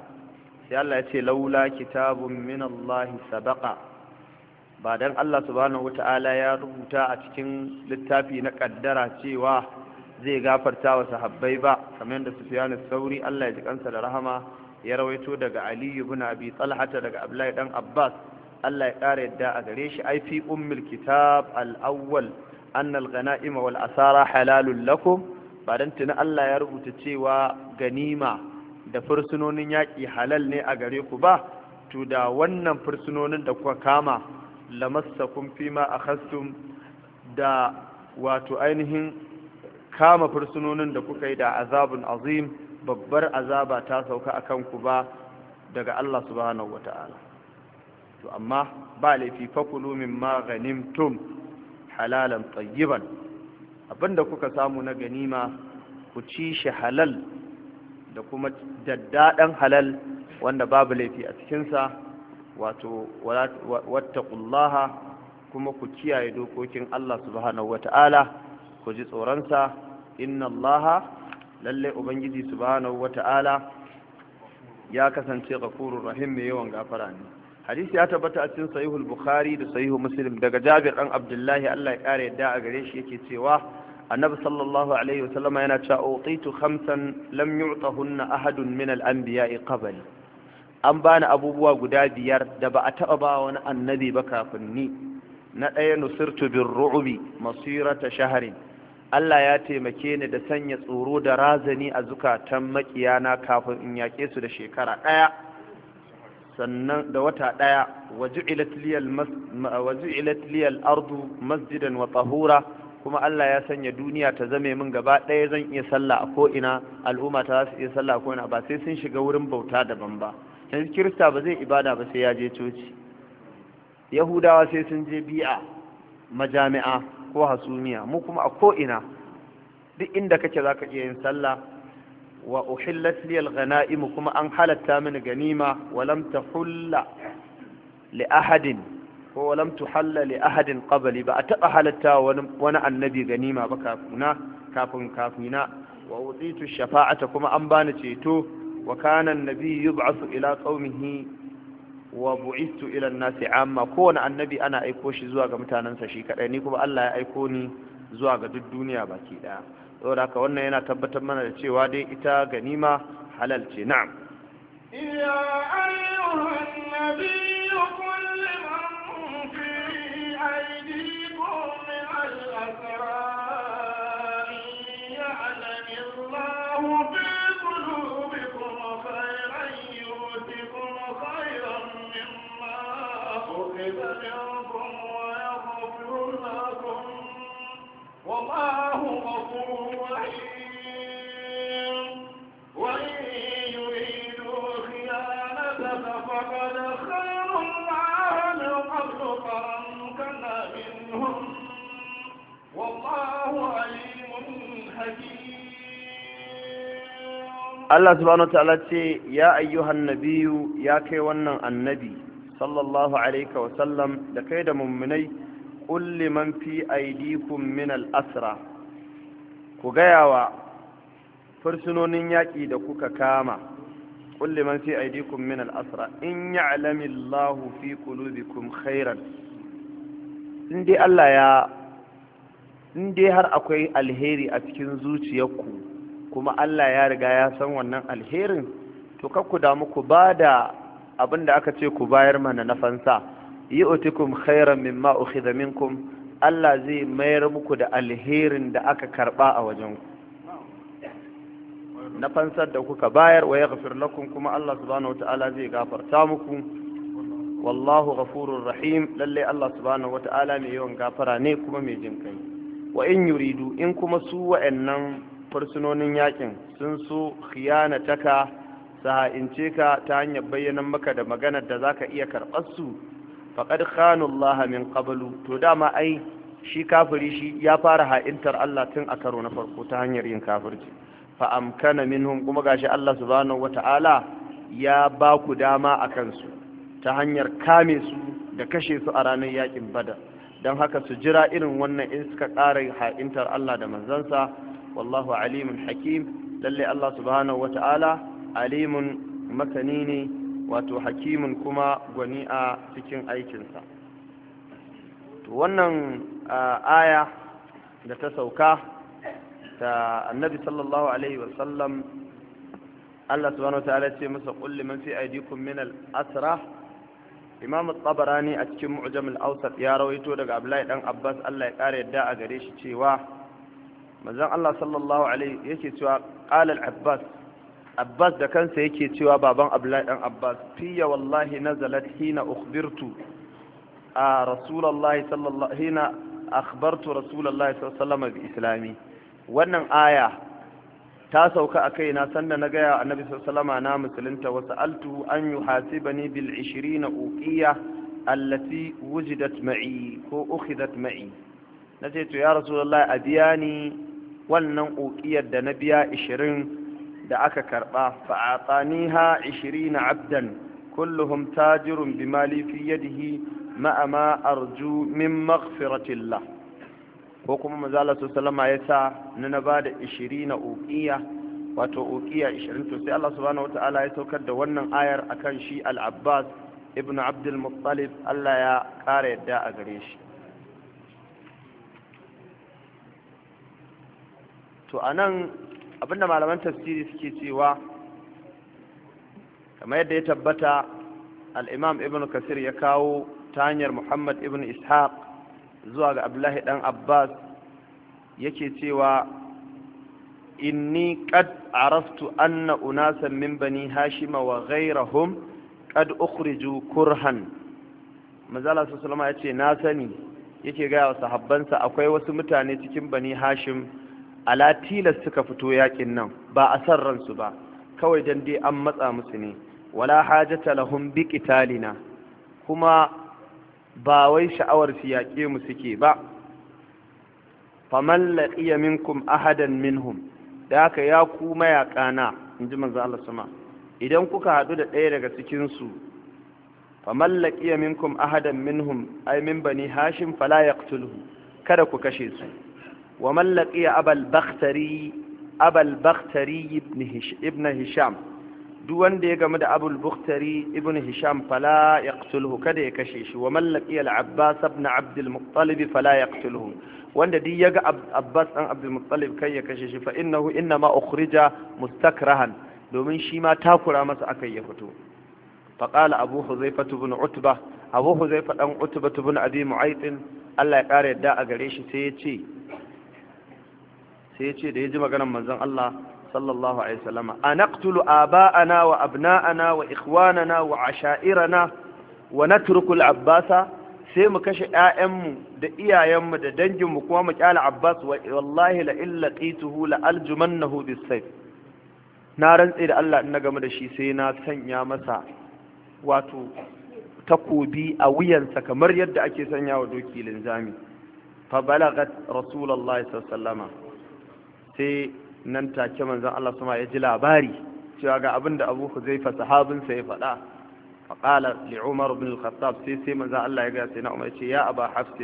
sai Allah ya ce laula kitabun min Allah sabaqa ba dan Allah subhanahu wata'ala ya rubuta a cikin littafi na kaddara cewa zai gafarta wa sahabbai ba kamar yadda Sufyan sauri Allah ya ji kansa da rahama ya rawaito daga aliyu ibn abi talhata daga abdullahi dan abbas Allah ya ƙara yadda a gare shi ai fi ummul kitab al-awwal an al-ghanaim wal asara halalun lakum ba dan tuna Allah ya rubuta cewa ganima da fursunonin yaki halal ne a gare ku ba to da wannan fursunonin da kuka kama lamassakum fima akhastum da wato ainihin kama fursunonin da kuka yi da azabun azim babbar azaba ta sauka a kanku ba daga Allah subhanahu wa ta'ala to amma ba laifi fakulu min maganin tum halalan tsayiban abinda kuka samu na ganima ku ci shi halal da kuma daddaɗan halal wanda babu laifi a cikinsa wato wattaqullaha kuma ku kiyaye dokokin Allah subhanahu ta’ala ku ji tsoronsa inna allaha lalle ubangiji subhanahu wata'ala ya kasance ghafurur rahim mai yawan gafara ne hadisi ya tabbata a cikin sahihul bukhari da sahihu muslim daga jabir dan abdullahi Allah ya kare yadda a gare shi yake cewa annabi sallallahu alaihi wasallam yana cewa utitu khamsan lam yu'tahunna ahadun min al-anbiya'i qabli an bani abubuwa guda biyar da ba a taba ba wani annabi ba kafin ni na ɗaya nusirtu bin ru'ubi masirata shaharin Allah ya taimake ni da sanya tsoro da razani a zukatan makiyana kafin in yake su da shekara ɗaya sannan da wata ɗaya waju liyal ardu masjidan wa tsahura kuma Allah ya sanya duniya ta zame min gaba ɗaya zan iya sallah a ko'ina al'umma ta zasu iya sallah a ko'ina ba sai sun shiga wurin bauta daban ba yanzu kirista ba zai ibada ba sai ya je coci yahudawa sai sun je bi'a majami'a ko hasumiya mu kuma a ko'ina duk inda kake za ka iya yin sallah wa uhillat liyal ghana'imu kuma an halatta mini ganima wa lam tahulla li ahadin ko wa lam tuhalla li ahadin qabli ba a taba halatta wani annabi ganima ba kafuna kafin kafina wa shafa'ata kuma an bani ceto wa kana annabi yub'athu ila qaumihi wa bu'istu ila nasi amma kowane annabi ana aiko shi zuwa ga mutanensa shi kadai ni kuma Allah ya aiko ni zuwa ga duk duniya baki daya saboda haka wannan yana tabbatar mana da cewa dai ita ganima halal ce na'am ya ayyuhan Allah subhanahu wa ta'ala ce ya ayyuhan nabiyu ya kai wannan annabi sallallahu alaihi wa sallam da kai da mumminai kulli man fi aidikum min al-asra ku gayawa fursunonin yaƙi da kuka kama kulli man fi aidikum min al-asra in ya'lami Allah fi qulubikum khairan in dai Allah ya in dai har akwai alheri a cikin zuciyarku kuma Allah ya riga ya san wannan alherin to ku damu ku ba da abin da aka ce ku bayar mana na fansa yi otikum khairan mimma ukhidha minkum Allah zai mayar muku da alherin da aka karba a wajen ku na fansar da kuka bayar wa yaghfir lakum kuma Allah subhanahu wataala zai gafarta muku wallahu ghafurur rahim lalle Allah subhanahu wataala mai yawan gafara ne kuma mai jin kai wa in yuridu in kuma su wa'annan farsunonin yakin sun su taka sa'ince ka ta hanyar bayyana maka da maganar da zaka iya karɓar su faqad khanu Allah min qablu to dama ai shi kafiri shi ya fara ha'intar Allah tun a karo na farko ta hanyar yin kafirci fa amkana minhum kuma gashi Allah subhanahu wata'ala ya ba ku dama a kansu ta hanyar kame su da kashe su a ranar yakin bada don haka su jira irin wannan in suka ƙara ha'intar Allah da manzansa wallahu alimun hakim lalle Allah subhanahu wata'ala alimun masani ne wato hakimun kuma gwani a cikin aikinsa wannan aya da ta sauka ta annabi sallallahu alaihi wasallam Allah subhanahu ta'ala ce masa kulli man fi aidikum min al-asra imam tabarani a cikin mu'jam al-awsat ya rawaito daga abdullahi dan abbas Allah ya kare yadda a gare shi cewa manzon Allah sallallahu alaihi yake cewa qala al-abbas abbas da kansa yake cewa baban abdullahi dan abbas fiya wallahi nazalat hina ukhbirtu a rasulullahi sallallahu hina akhbartu rasulullahi sallallahu alaihi wasallam bi islami wannan aya ta sauka a kaina sanda na gaya annabi sallama na musulunta wasu altu an yi hasibani bil 20 na uqiya allati wujidat ma'i ko ukhidat ma'i na ce to ya rasulullahi a biya ni wannan uƙiyar da na biya ishirin da aka karɓa fa'ataniha ishirin abdan kulluhum tajirun bi mali fi yadihi ma'a ma arju min maghfiratillah ko kuma manzala sallama ya sa na bada ishirin uqiya wato uqiya ishirin to sai Allah subhanahu wata'ala ya saukar da wannan ayar akan shi al-Abbas ibn Abdul Muttalib Allah ya ƙara yadda a gare shi to a nan abinda malaman tafsiri suke cewa kamar yadda ya tabbata al'imam ibn kasir ya kawo ta hanyar muhammad ibn ishaq zuwa ga abdullahi dan abbas yake cewa inni qad araftu anna unasan min bani hashima wa ghairahum qad ukhriju kurhan mazala sallallahu alaihi ya yace na sani yake wa sahabbansa akwai wasu mutane cikin bani hashim ala tilas suka fito yakin nan ba a san ransu ba kawai dan dai an matsa musu ne wala hajata lahum bi qitalina kuma ba wai sha'awar su yaƙe mu suke ba faman laqiya minkum ahadan minhum da haka ya ku mayaƙana in ji manzo Allah sama idan kuka haɗu da ɗaya daga cikin su faman laqiya minkum ahadan minhum ay min bani hashim fala yaqtuluhu kada ku kashe su ومن لقي أبا البختري أبا البختري ابن, هش ابن هشام دون دي قمد أبو البختري ابن هشام فلا يقتله كده يكشيش ومن لقي العباس ابن عبد المطلب فلا يقتله وان دي يقى عباس ابن عبد المطلب كي يكشيش فإنه إنما أخرج مستكرها دومين شيما ma takura masa يفتو فقال fito faƙala بن huzaifa tubun utba بن huzaifa بن utba معيط الله mu'aitin allah ya ƙara yadda sai ya ce da ya ji maganar manzon Allah sallallahu alaihi wasallama anaqtulu aba'ana wa abna'ana wa ikhwanana wa asha'irana wa natruku al-abbasa sai mu kashe ƴaƴanmu da iyayenmu da danginmu kuma mu kyala abbas wallahi la illa qituhu la aljumannahu bisayf na rantse da Allah in na game da shi sai na sanya masa wato takobi a wuyansa kamar yadda ake sanya wa doki linzami fa balagat rasulullahi sallallahu alaihi wasallama sai nan take manzon Allah sama ya ji labari cewa ga abin da Abu Huzaifa sahabinsa ya faɗa faƙala li Umar ibn al-Khattab sai sai manzon Allah ya ga sai na Umar ya ce ya Abu Hafs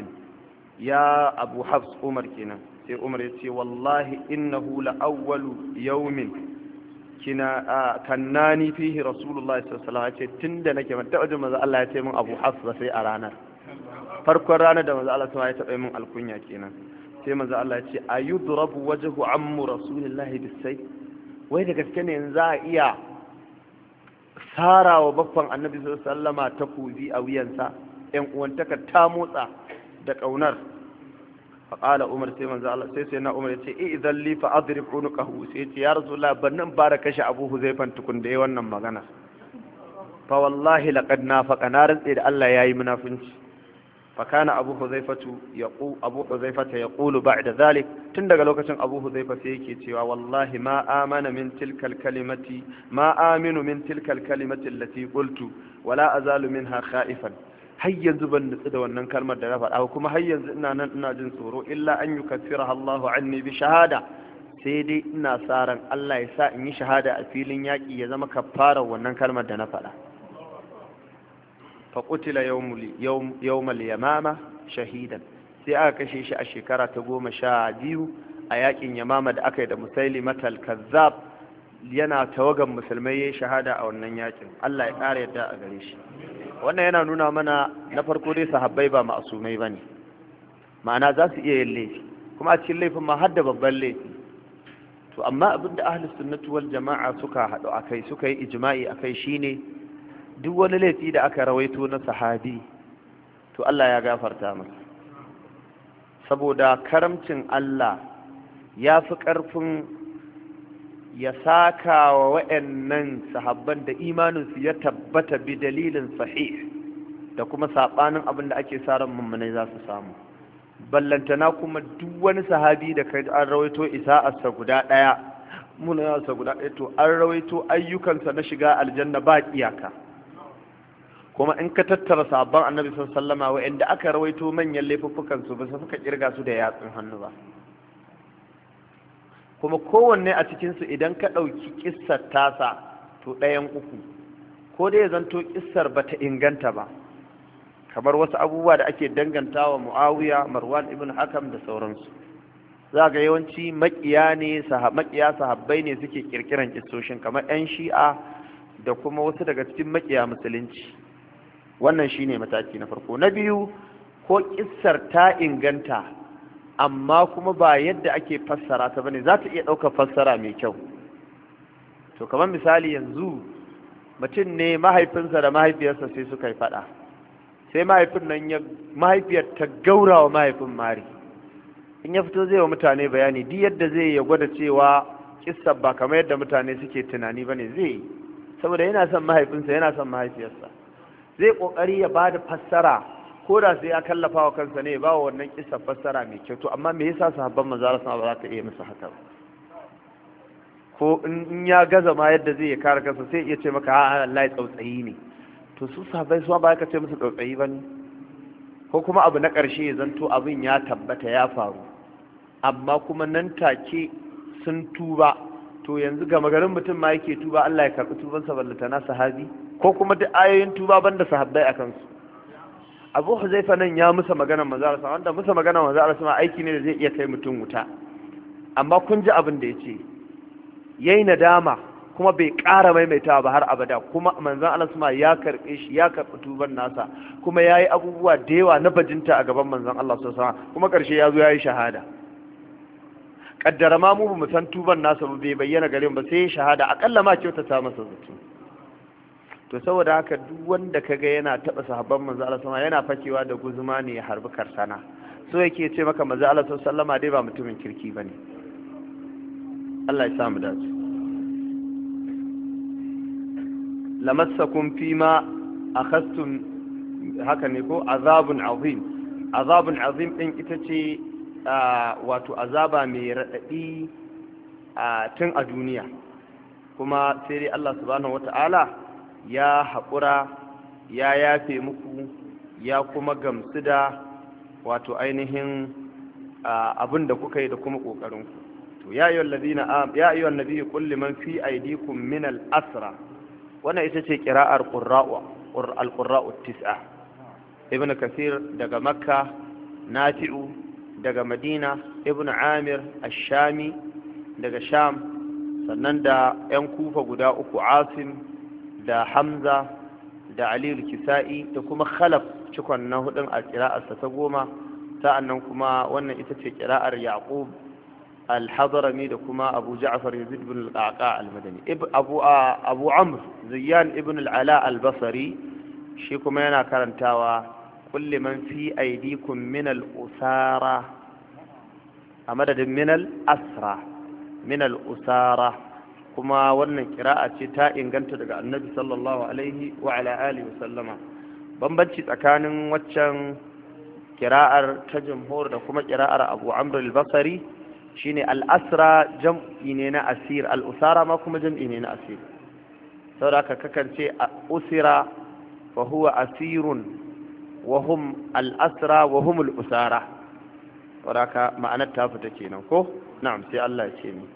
ya Abu Hafs Umar kenan sai Umar ya ce wallahi innahu la awwalu yawmin kina kannani fihi Rasulullah sallallahu alaihi wasallam ce tunda nake ban taɓa jin manzon Allah ya ce min Abu Hafs ba sai a ranar farkon ranar da manzon Allah sama ya taɓa min alkunya kenan sai manzo Allah ya ce ayudrabu wajhu ammu rasulillahi bisai wai da gaske ne za a iya sarawa baffan annabi sallama ta kuzi a wuyansa yan uwantaka ta motsa da ƙaunar. faƙala umar sai manzo Allah sai sai na umar ya ce i idan li fa adrib unuqahu sai ya ce ya rasulullah bannan bara kashe abu huzaifan tukun da yayi wannan magana fa wallahi laqad nafaqa na rantse da Allah yayi munafunci فكان أبو حذيفة يقول أبو حذيفة يقول بعد ذلك تندق لوكة أبو حذيفة سيكي والله ما آمن من تلك الكلمة ما آمن من تلك الكلمة التي قلت ولا أزال منها خائفا هيا زبن نسد ونن كلمة دلفر أو كما هيا زئنا ننجن سورو إلا أن يكفرها الله عني بشهادة sai dai ina sa ran Allah ya sa in yi shahada a filin yaƙi ya zama kafara wannan kalmar da na faɗa faƙutila yawmul yamama shahidan sai aka kashe shi a shekara ta goma sha biyu a yakin yamama da aka yi da musaili matal kazzab yana tawagan musulmai ya shahada a wannan yakin allah ya ƙara yadda a gare shi wannan yana nuna mana na farko dai sahabbai ba ma'asumai ba ne ma'ana za su iya yin laifi kuma a cikin laifin ma hadda babban laifi to amma abinda ahlus sunnatu wal jama'a suka haɗu akai suka yi ijma'i akai shine duk wani laifi da aka rawaito na sahabi to Allah ya gafarta masa saboda karamcin Allah ya fi ƙarfin ya saka wa wayannan sahabban da imaninsu ya tabbata bi dalilin sahih da kuma saɓanin abin da ake sa ran mummunai za su samu ballantana kuma duk wani sahabi da kai an rawaito isa'arsa guda ɗaya sa guda ɗaya to an rawaito ayyukansa na shiga aljanna ba iyaka kuma in ka tattara sabon annabi sallama wa inda aka rawaito manyan laifuffukan su ba su suka kirga su da yatsun hannu ba kuma kowanne a cikinsu idan ka ɗauki kissar tasa to ɗayan uku ko dai zanto kissar ba ta inganta ba kamar wasu abubuwa da ake dangantawa mu'awiya marwan ibn hakam da sauransu za ga yawanci makiya ne makiya sahabbai ne suke ƙirƙiran kissoshin kamar 'yan shi'a da kuma wasu daga cikin makiya musulunci wannan shi ne mataki na farko na biyu ko kissar ta inganta amma kuma ba yadda ake fassara ta bane za ta iya ɗaukar fassara mai kyau to kamar misali yanzu mutum ne mahaifinsa da mahaifiyarsa sai suka yi faɗa sai mahaifin nan ya mahaifiyar ta gaurawa mahaifin mari in ya fito zai wa mutane bayani duk yadda zai ya gwada cewa kissa ba kamar yadda mutane suke tunani bane zai yi saboda yana son mahaifinsa yana son mahaifiyarsa zai kokari ya bada fassara ko da sai ya kallafa wa kansa ne ba wannan kisa fassara mai kyau to amma me yasa sahabban manzo Allah ba za ta iya musu haka ko in ya gaza ma yadda zai kare kansa sai ya ce maka a Allah ya tsautsayi ne to su sahabbai su ba ka ce musu tsautsayi bane ko kuma abu na ƙarshe zanto abin ya tabbata ya faru amma kuma nan take sun tuba to yanzu gama magarin mutum ma yake tuba Allah ya karɓi tubansa ballata na sahabi ko kuma duk ayoyin tuba ban da sahabbai akan su abu huzaifa nan ya musa magana manzara sa wanda musa magana manzara sa aiki ne da zai iya kai mutum wuta amma kun ji abin da ya ce yayi nadama kuma bai ƙara maimaitawa ba har abada kuma manzan Allah sama ya karɓe shi ya karɓi tuban nasa kuma ya yi abubuwa da yawa na bajinta a gaban manzan Allah sama kuma ƙarshe ya zo ya yi shahada kaddara ma mu ba mu san tuban nasa ba bai bayyana gare mu ba sai shahada akalla ma kyautata masa zato to saboda haka duk wanda kaga yana taba sahabban manzo Allah sama yana fakewa da guzuma ne harbi karsana so yake ce maka manzo Allah sallama dai ba mutumin kirki bane Allah ya mu dace lamassakum fima akhastum haka ne ko azabun azim azabun azim din ita ce wato azaba mai radadi tun a duniya kuma sai dai Allah subhanahu wata'ala ya haƙura ya yafe muku ya kuma gamsu da wato ainihin abin da kuka yi da kuma ƙoƙarinku to ya yi nabi kulli man fi aidikum min al'asra asra wannan ita ce kira'ar al tis'a ibn kasir daga makka nafi'u daga madina ibn amir ashami daga sham sannan da 'yan kufa guda uku asim da hamza da aliyu kisa'i da kuma khalaf cikon na hudun a kira'arsa ta goma sa'annan kuma wannan ita ce kira'ar yaqub al-hadrami da kuma abu ja'far yazid ibn al-qaqa al-madani abu abu amr ziyan ibn al-ala al-basri shi kuma yana karantawa kulli man fi aydikum min al-usara a madadin min al-asra min al-usara kuma wannan kira'a ce ta inganta daga annabi sallallahu alaihi wa ala alihi wasallama bambanci tsakanin waccan kira'ar ta jamhur da kuma kira'ar abu amr al-basri shine al-asra jam'i ne na asir al-usara ma kuma jam'i ne na asir saboda haka kakan ce usira fa huwa asirun wa hum al-asra wa hum al-usara saboda haka ma'anar ta fita kenan ko na'am sai Allah ya ce ni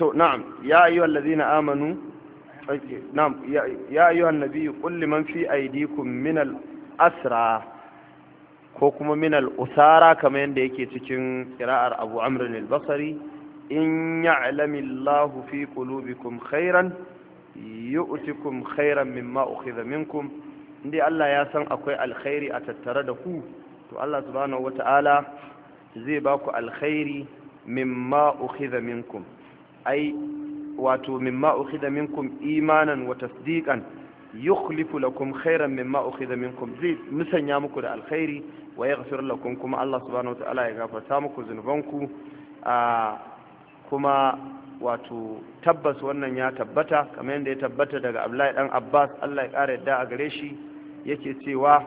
to na'am ya ayyuha allazina amanu na'am ya ayyuha annabiyyu qul liman fi aydikum min al asra ko kuma min al usara kamar yadda yake cikin qira'ar Abu Amr al Basri in ya'lamu Allahu fi qulubikum khairan yu'tikum khairan mimma ukhidha minkum inda Allah ya san akwai alkhairi a tattare da ku to Allah subhanahu wata'ala zai ba ku alkhairi mimma ukhidha minkum ai wato mimma ukhida minkum imanan wa tasdiqan yukhlifu lakum khairan mimma ukhida minkum zai musanya muku da alkhairi wa yaghfir lakum kuma Allah subhanahu wataala ya gafarta muku zunubanku a kuma wato tabbas wannan ya tabbata kamar yanda ya tabbata daga Abdullahi dan Abbas Allah ya kare yadda a gare shi yake cewa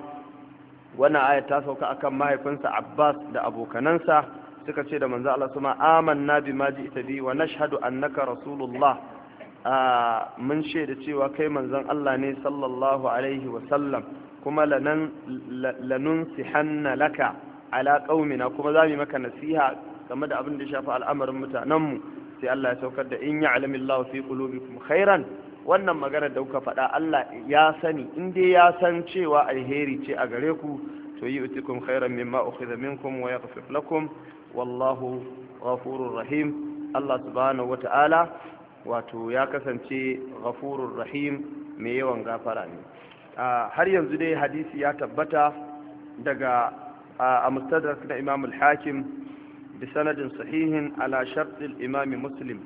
wannan aya ta sauka akan mahaifinsa Abbas da abokanansa suka ce da manzo Allah kuma amanna bima ji'ta bi wa nashhadu annaka rasulullah ah, mun shaida cewa kai manzon Allah ne sallallahu alaihi wa sallam kuma lanan lanun sihanna laka ala qaumina kuma za mu maka nasiha game da abin da shafi al'amarin mutanen mu sai Allah ya saukar da in Allah fi qulubikum khairan wannan magana da kuka faɗa Allah ya sani in dai ya san cewa alheri ce a gare ku to yi utikum khairan mimma ukhidha minkum wa yaghfir lakum wallahu ghafurur rahim Allah subhanahu wata'ala wato ya kasance ghafurur rahim mai yawan gafara ne har yanzu dai hadisi ya tabbata daga a mustadrak na Imam al-Hakim bi sanadin sahihin ala shart imami Muslim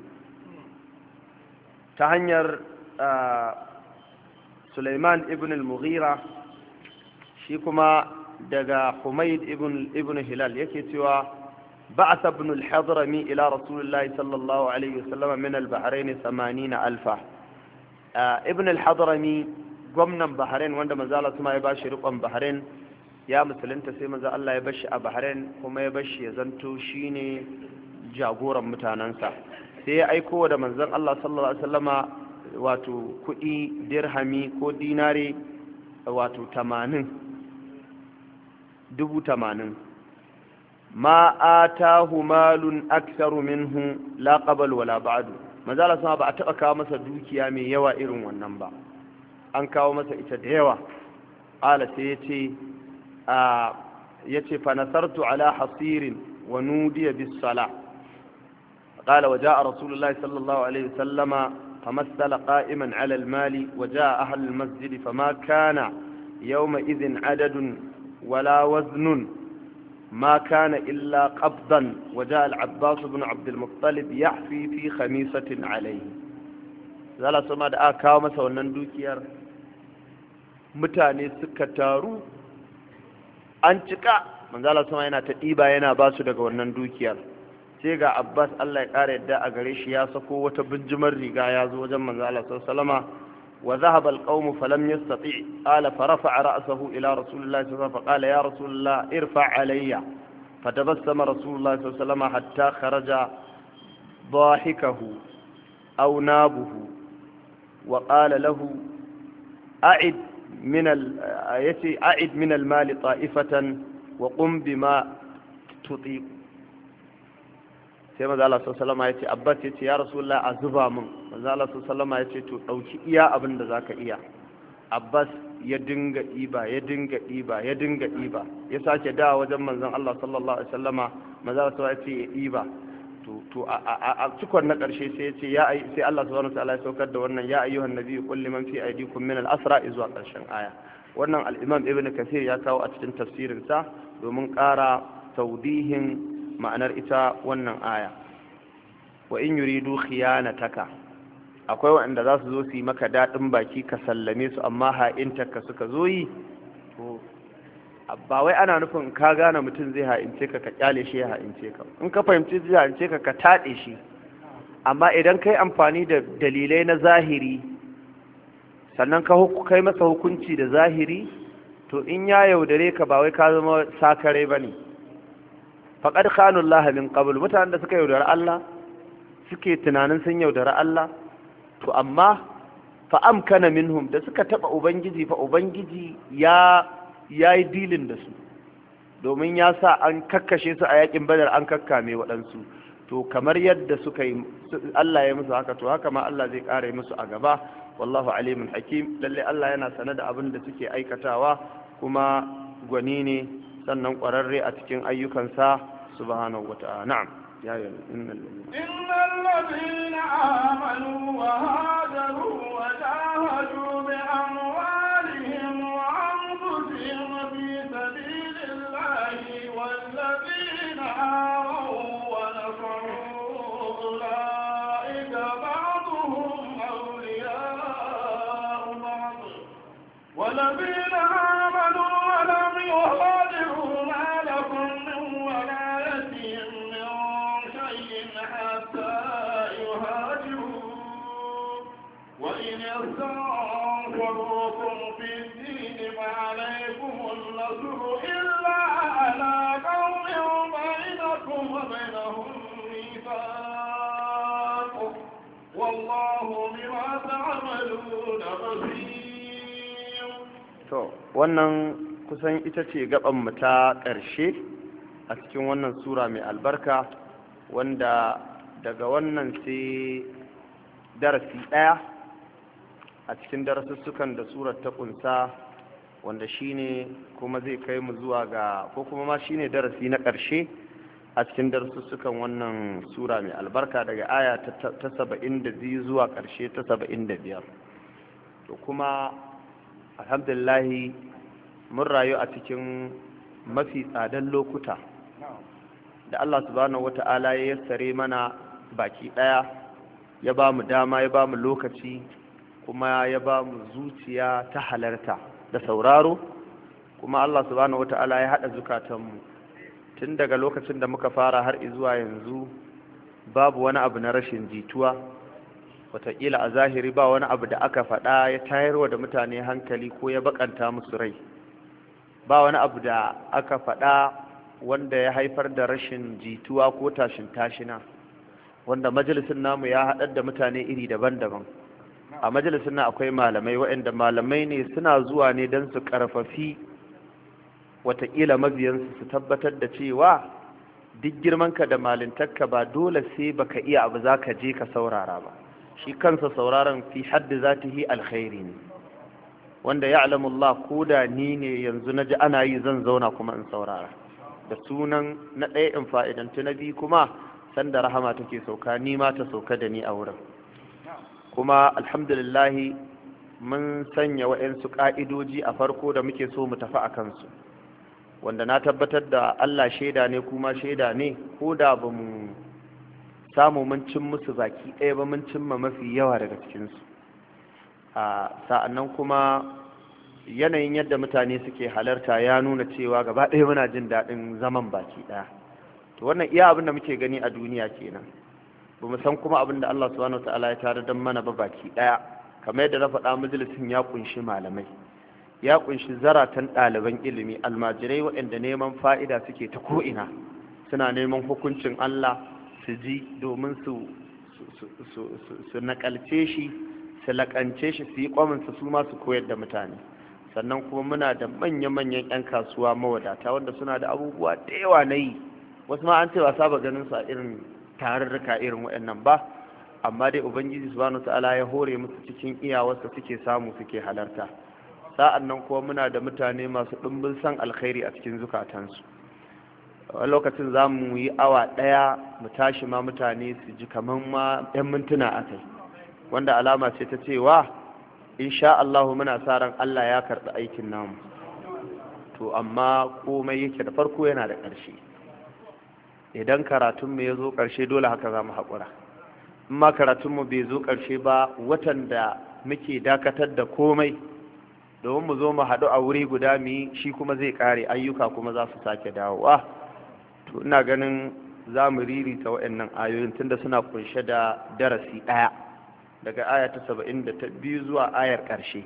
ta hanyar Sulaiman ibn al-Mughira shi kuma daga humaid ibn ibn Hilal yake cewa بعث ابن الحضرمي إلى رسول الله صلى الله عليه وسلم من البحرين ثمانين ألفا ابن الحضرمي قمنا بحرين وانده مزالة ما يباشي رقم بحرين ya musulunta sai maza Allah ya bashi a Bahrain kuma ya bashi ya zanto shine jagoran mutanensa sai ya aiko da manzon Allah sallallahu wato kuɗi dirhami ko dinare wato 80 dubu 80 ma atahu malun aktsaru minhu la qabl wala ba'du manzo Allah sama ba a taɓa kawo masa dukiya mai yawa irin wannan ba an kawo masa ita da yawa ala sai yace a fa nasartu ala hasirin wa nudiya bis sala قال وجاء رسول الله صلى الله عليه وسلم فمثل قائما على المال وجاء أهل المسجد فما كان يومئذ عدد ولا وزن Maka na illa قبضا وجاء العباس بن عبد المطلب يحفي في خميسة عليه zala sama da aka kawo masa wannan dukiyar mutane suka taru an cika manzala sama yana ta ɗiba yana basu daga wannan dukiyar sai ga abbas allah ya ƙara yadda a gare shi ya sako wata binjimar riga ya zo wajen manzala sallama وذهب القوم فلم يستطع قال فرفع رأسه إلى رسول الله صلى الله عليه وسلم فقال يا رسول الله ارفع علي فتبسم رسول الله صلى الله عليه وسلم حتى خرج ضاحكه أو نابه وقال له أعد من يتي أعد من المال طائفة وقم بما تطيق sai الله صلى الله عليه وسلم ya ce abbas يا رسول الله rasulullah a manzo Allah sallama ya ce to ɗauki iya abin da zaka iya Abbas ya dinga ɗiba ya dinga ɗiba ya dinga ɗiba ya sake da wajen manzan Allah sallallahu alaihi wasallama manzo Allah ya ce ya ɗiba to a cikon na ƙarshe sai ya ce ya sai Allah subhanahu wataala ya saukar da wannan ya ayyuhan nabiyyu qul liman fi aydikum min al-asra zuwa ƙarshen aya wannan al-imam ibn kathir ya kawo a cikin tafsirin sa domin ƙara taudihin ma'anar ita wannan aya wa in yuridu khiyanataka akwai waɗanda za su zo su yi maka daɗin baki ka sallame su amma ha'intarka suka zo yi to ba wai ana nufin ka gane mutum zai ha'ince ka ka kyale shi ya ha'ince ka in ka fahimci zai ha'ince ka ka taɗe shi amma idan kai amfani da dalilai na zahiri sannan ka kai masa hukunci da zahiri to in ya yaudare ka ba wai ka zama sakare ba ne faƙar khanullah min qabl mutanen da suka yaudara Allah suke tunanin sun yaudara Allah to amma fa amkana minhum da suka taɓa ubangiji fa ubangiji ya yayi dilin da su domin ya sa an kakkashe su a yakin badar an kakkame waɗansu to kamar yadda suka Allah ya musu haka to haka ma Allah zai ƙara musu a gaba wallahu alimun hakim lalle Allah yana sane da abin da suke aikatawa kuma gwani ne sannan ƙwararre a cikin ayyukansa subhanahu wata'ala na'am يا إن الذين إن الذين آمنوا وهاجروا وجاهدوا to wannan kusan ita ce mu ta ƙarshe a cikin wannan sura mai albarka wanda daga wannan sai darasi ɗaya a cikin darasussukan da surar ta kunsa wanda shine kuma zai kai mu zuwa ga ko kuma ma shine darasi na ƙarshe a cikin darasussukan wannan sura mai albarka daga aya ta saba'in da biyu zuwa ƙarshe ta saba'in da biyar to kuma alhamdulillahi mun rayu a cikin mafi tsadan lokuta da Allah subhanahu ta'ala ya yassare mana baki ɗaya ya ba mu dama ya ba mu lokaci kuma ya ba mu zuciya ta halarta da sauraro kuma Allah subhanahu ta'ala ya haɗa zukatanmu tun daga lokacin da muka fara har zuwa yanzu babu wani abu na rashin jituwa wataƙila a zahiri ba wani abu da aka faɗa ya tayarwa da mutane hankali ko ya bakanta musu rai ba wani abu da aka faɗa wanda ya haifar da rashin jituwa ko tashin tashina wanda majalisun namu ya haɗar da mutane iri daban-daban a majalisun na akwai malamai waɗanda malamai ne suna zuwa ne don su ƙarfafi watakila mabiyansu su tabbatar da cewa duk girmanka da malintarka ba dole sai baka iya abu za ka je ka saurara ba shi kansa sauraron fi haddi yi alkhairi ne wanda ya alamullah ko da ni ne yanzu na ji ana yi zan zauna kuma in saurara da sunan na ɗaya in fa'idantu na biyu kuma sanda rahama take sauka ni ma ta sauka da ni a wurin kuma alhamdulillahi mun sanya wa'yansu ƙa'idoji a farko da muke so mu tafi a kansu wanda na tabbatar da allah shaida ne kuma shaida ne ko da ba mu samu mun cin musu baki ɗaya ba mun cimma mafi yawa daga cikinsu sa'annan kuma yanayin yadda mutane suke halarta ya nuna cewa gaba ɗaya muna jin daɗin zaman baki ɗaya to wannan iya abin da muke gani a duniya kenan bamu san kuma abin da Allah subhanahu wata'ala ya tare don mana ba baki ɗaya kamar yadda na faɗa majalisin ya kunshi malamai ya kunshi zaratan ɗaliban ilimi almajirai waɗanda neman fa'ida suke ta ko'ina suna neman hukuncin Allah su ji domin su su nakalce shi su lakance shi su yi kwaminsa su ma su koyar da mutane sannan kuma muna da manya-manyan 'yan kasuwa mawadata wanda suna da abubuwa da yawa na yi wasu ma an ce ba saba ganin a irin tarurruka irin waɗannan ba amma dai ubangiji su bani ta'ala ya hore musu cikin iyawarsa suke samu suke halarta sa'an nan kuma muna da mutane masu ɗumbin san alkhairi a cikin zukatansu a lokacin za mu yi awa ɗaya mu tashi ma mutane su ji kamar ma 'yan mintuna a kai wanda alama ce ta cewa insha Allahu muna sa ran Allah ya karɓi aikin namu to amma komai yake da farko yana da ƙarshe idan karatunmu ya zo ƙarshe dole haka za mu haƙura amma karatunmu bai zo ƙarshe ba watan da muke dakatar da komai domin mu zo mu haɗu a wuri guda mu yi shi kuma zai ƙare ayyuka kuma za su sake dawowa to ina ganin za mu ririta waɗannan ayoyin tunda suna kunshe da darasi ɗaya daga aya ta saba'in da ta biyu zuwa ayar ƙarshe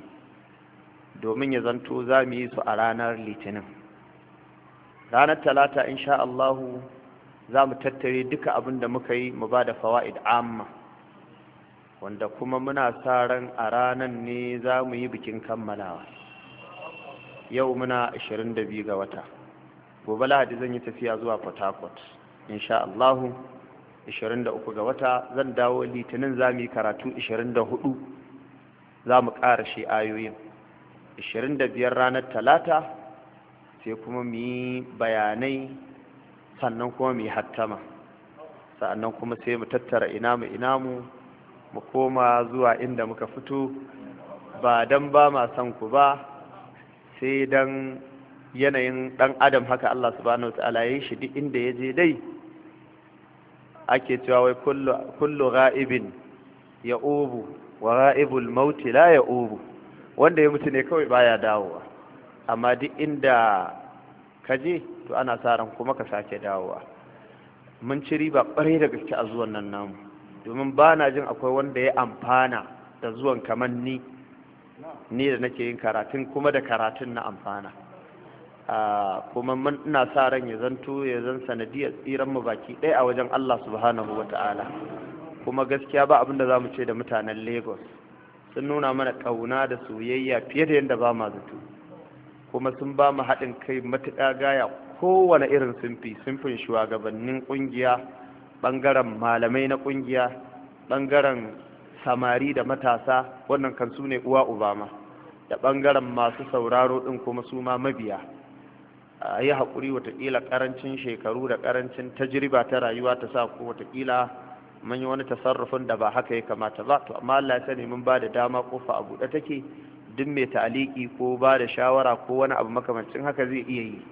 domin ya zanto za mu yi su a ranar litinin ranar talata in sha Allahu za mu tattare duka abin da muka yi mu ba da fawa'id amma wanda kuma muna sa ran a ranar ne za mu yi bikin kammalawa yau muna 22 ga wata gobe lahadi zan yi tafiya zuwa port harcourt insha allahu 23 ga wata zan dawo litinin za mu yi karatu 24 za mu ƙara shi ayoyin 25 ranar talata sai kuma mu yi bayanai sannan kuma mu yi hattama sannan kuma sai mu tattara ina ina mu, mu koma zuwa inda muka fito ba don ba ma son ku ba sai don yanayin ɗan adam haka Allah subhanahu wa ta'ala ya shi duk inda ya je dai ake cewa wai kullu ra'ibin ya ubu wa ra'ibul mauti la ya ubu wanda ya mutu ne kawai baya dawowa amma duk inda ka je to ana sa ran kuma ka sake dawowa mun ci riba ƙwarai da gaske a zuwan nan namu domin ba na jin akwai wanda ya amfana da zuwan kamar ni ni da nake yin karatun kuma da karatun na amfana kuma ina sa ran ya zanto ya zan sanadiyar tsiran mu baki ɗaya a wajen Allah subhanahu wa ta'ala kuma gaskiya ba abin da za mu ce da mutanen Lagos sun nuna mana ƙauna da soyayya fiye da yadda ba ma zato kuma sun ba mu haɗin kai matuƙa gaya kowane irin sunfi sunfin shugabannin ƙungiya ɓangaren malamai na ƙungiya ɓangaren samari da matasa wannan kan sune uwa obama da ɓangaren masu sauraro ɗin kuma su ma mabiya yi haƙuri watakila ƙarancin shekaru da ƙarancin tajriba ta rayuwa ta sa ko watakila mun yi wani tasarrufin da ba haka ya kamata ba to amma Allah ya sani mun ba da dama kofa a buɗe take duk mai ta'aliki ko ba da shawara ko wani abu makamancin haka zai iya yi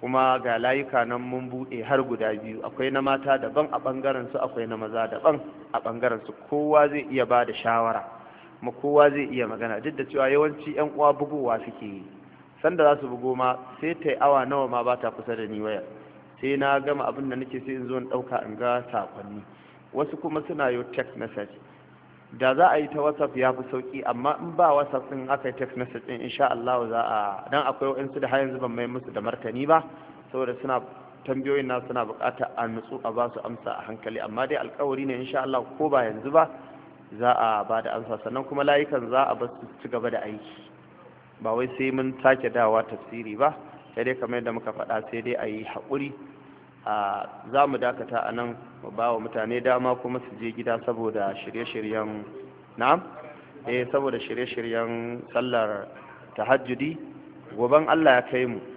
kuma ga layuka nan mun buɗe har guda biyu akwai na mata daban a ɓangaren su akwai na maza daban a ɓangaren su kowa zai iya ba da shawara kuma kowa zai iya magana duk da cewa yawanci 'yan uwa bugowa suke yi sanda za su bugo ma sai ta yi awa nawa ma ba ta kusa da ni waya sai na gama abin da nake sai in zo in ɗauka in ga sakonni wasu kuma suna yi text message da za a yi ta whatsapp ya fi sauki amma in ba whatsapp din aka yi text message din insha Allah za a dan akwai wa'ansu da har yanzu ban mai musu da martani ba saboda suna tambayoyin na suna bukata a nutsu a ba su amsa a hankali amma dai alƙawari ne insha Allah ko ba yanzu ba za a ba da amsa sannan kuma layukan za a bar su ci gaba da aiki ba wai sai mun sake dawa tafsiri ba sai dai kamar yadda muka faɗa sai dai a yi haƙuri a za mu dakata a nan mu ba wa mutane dama kuma su je gida saboda shirye-shiryen na eh saboda shirye-shiryen sallar tahajjudi goban Allah ya kai mu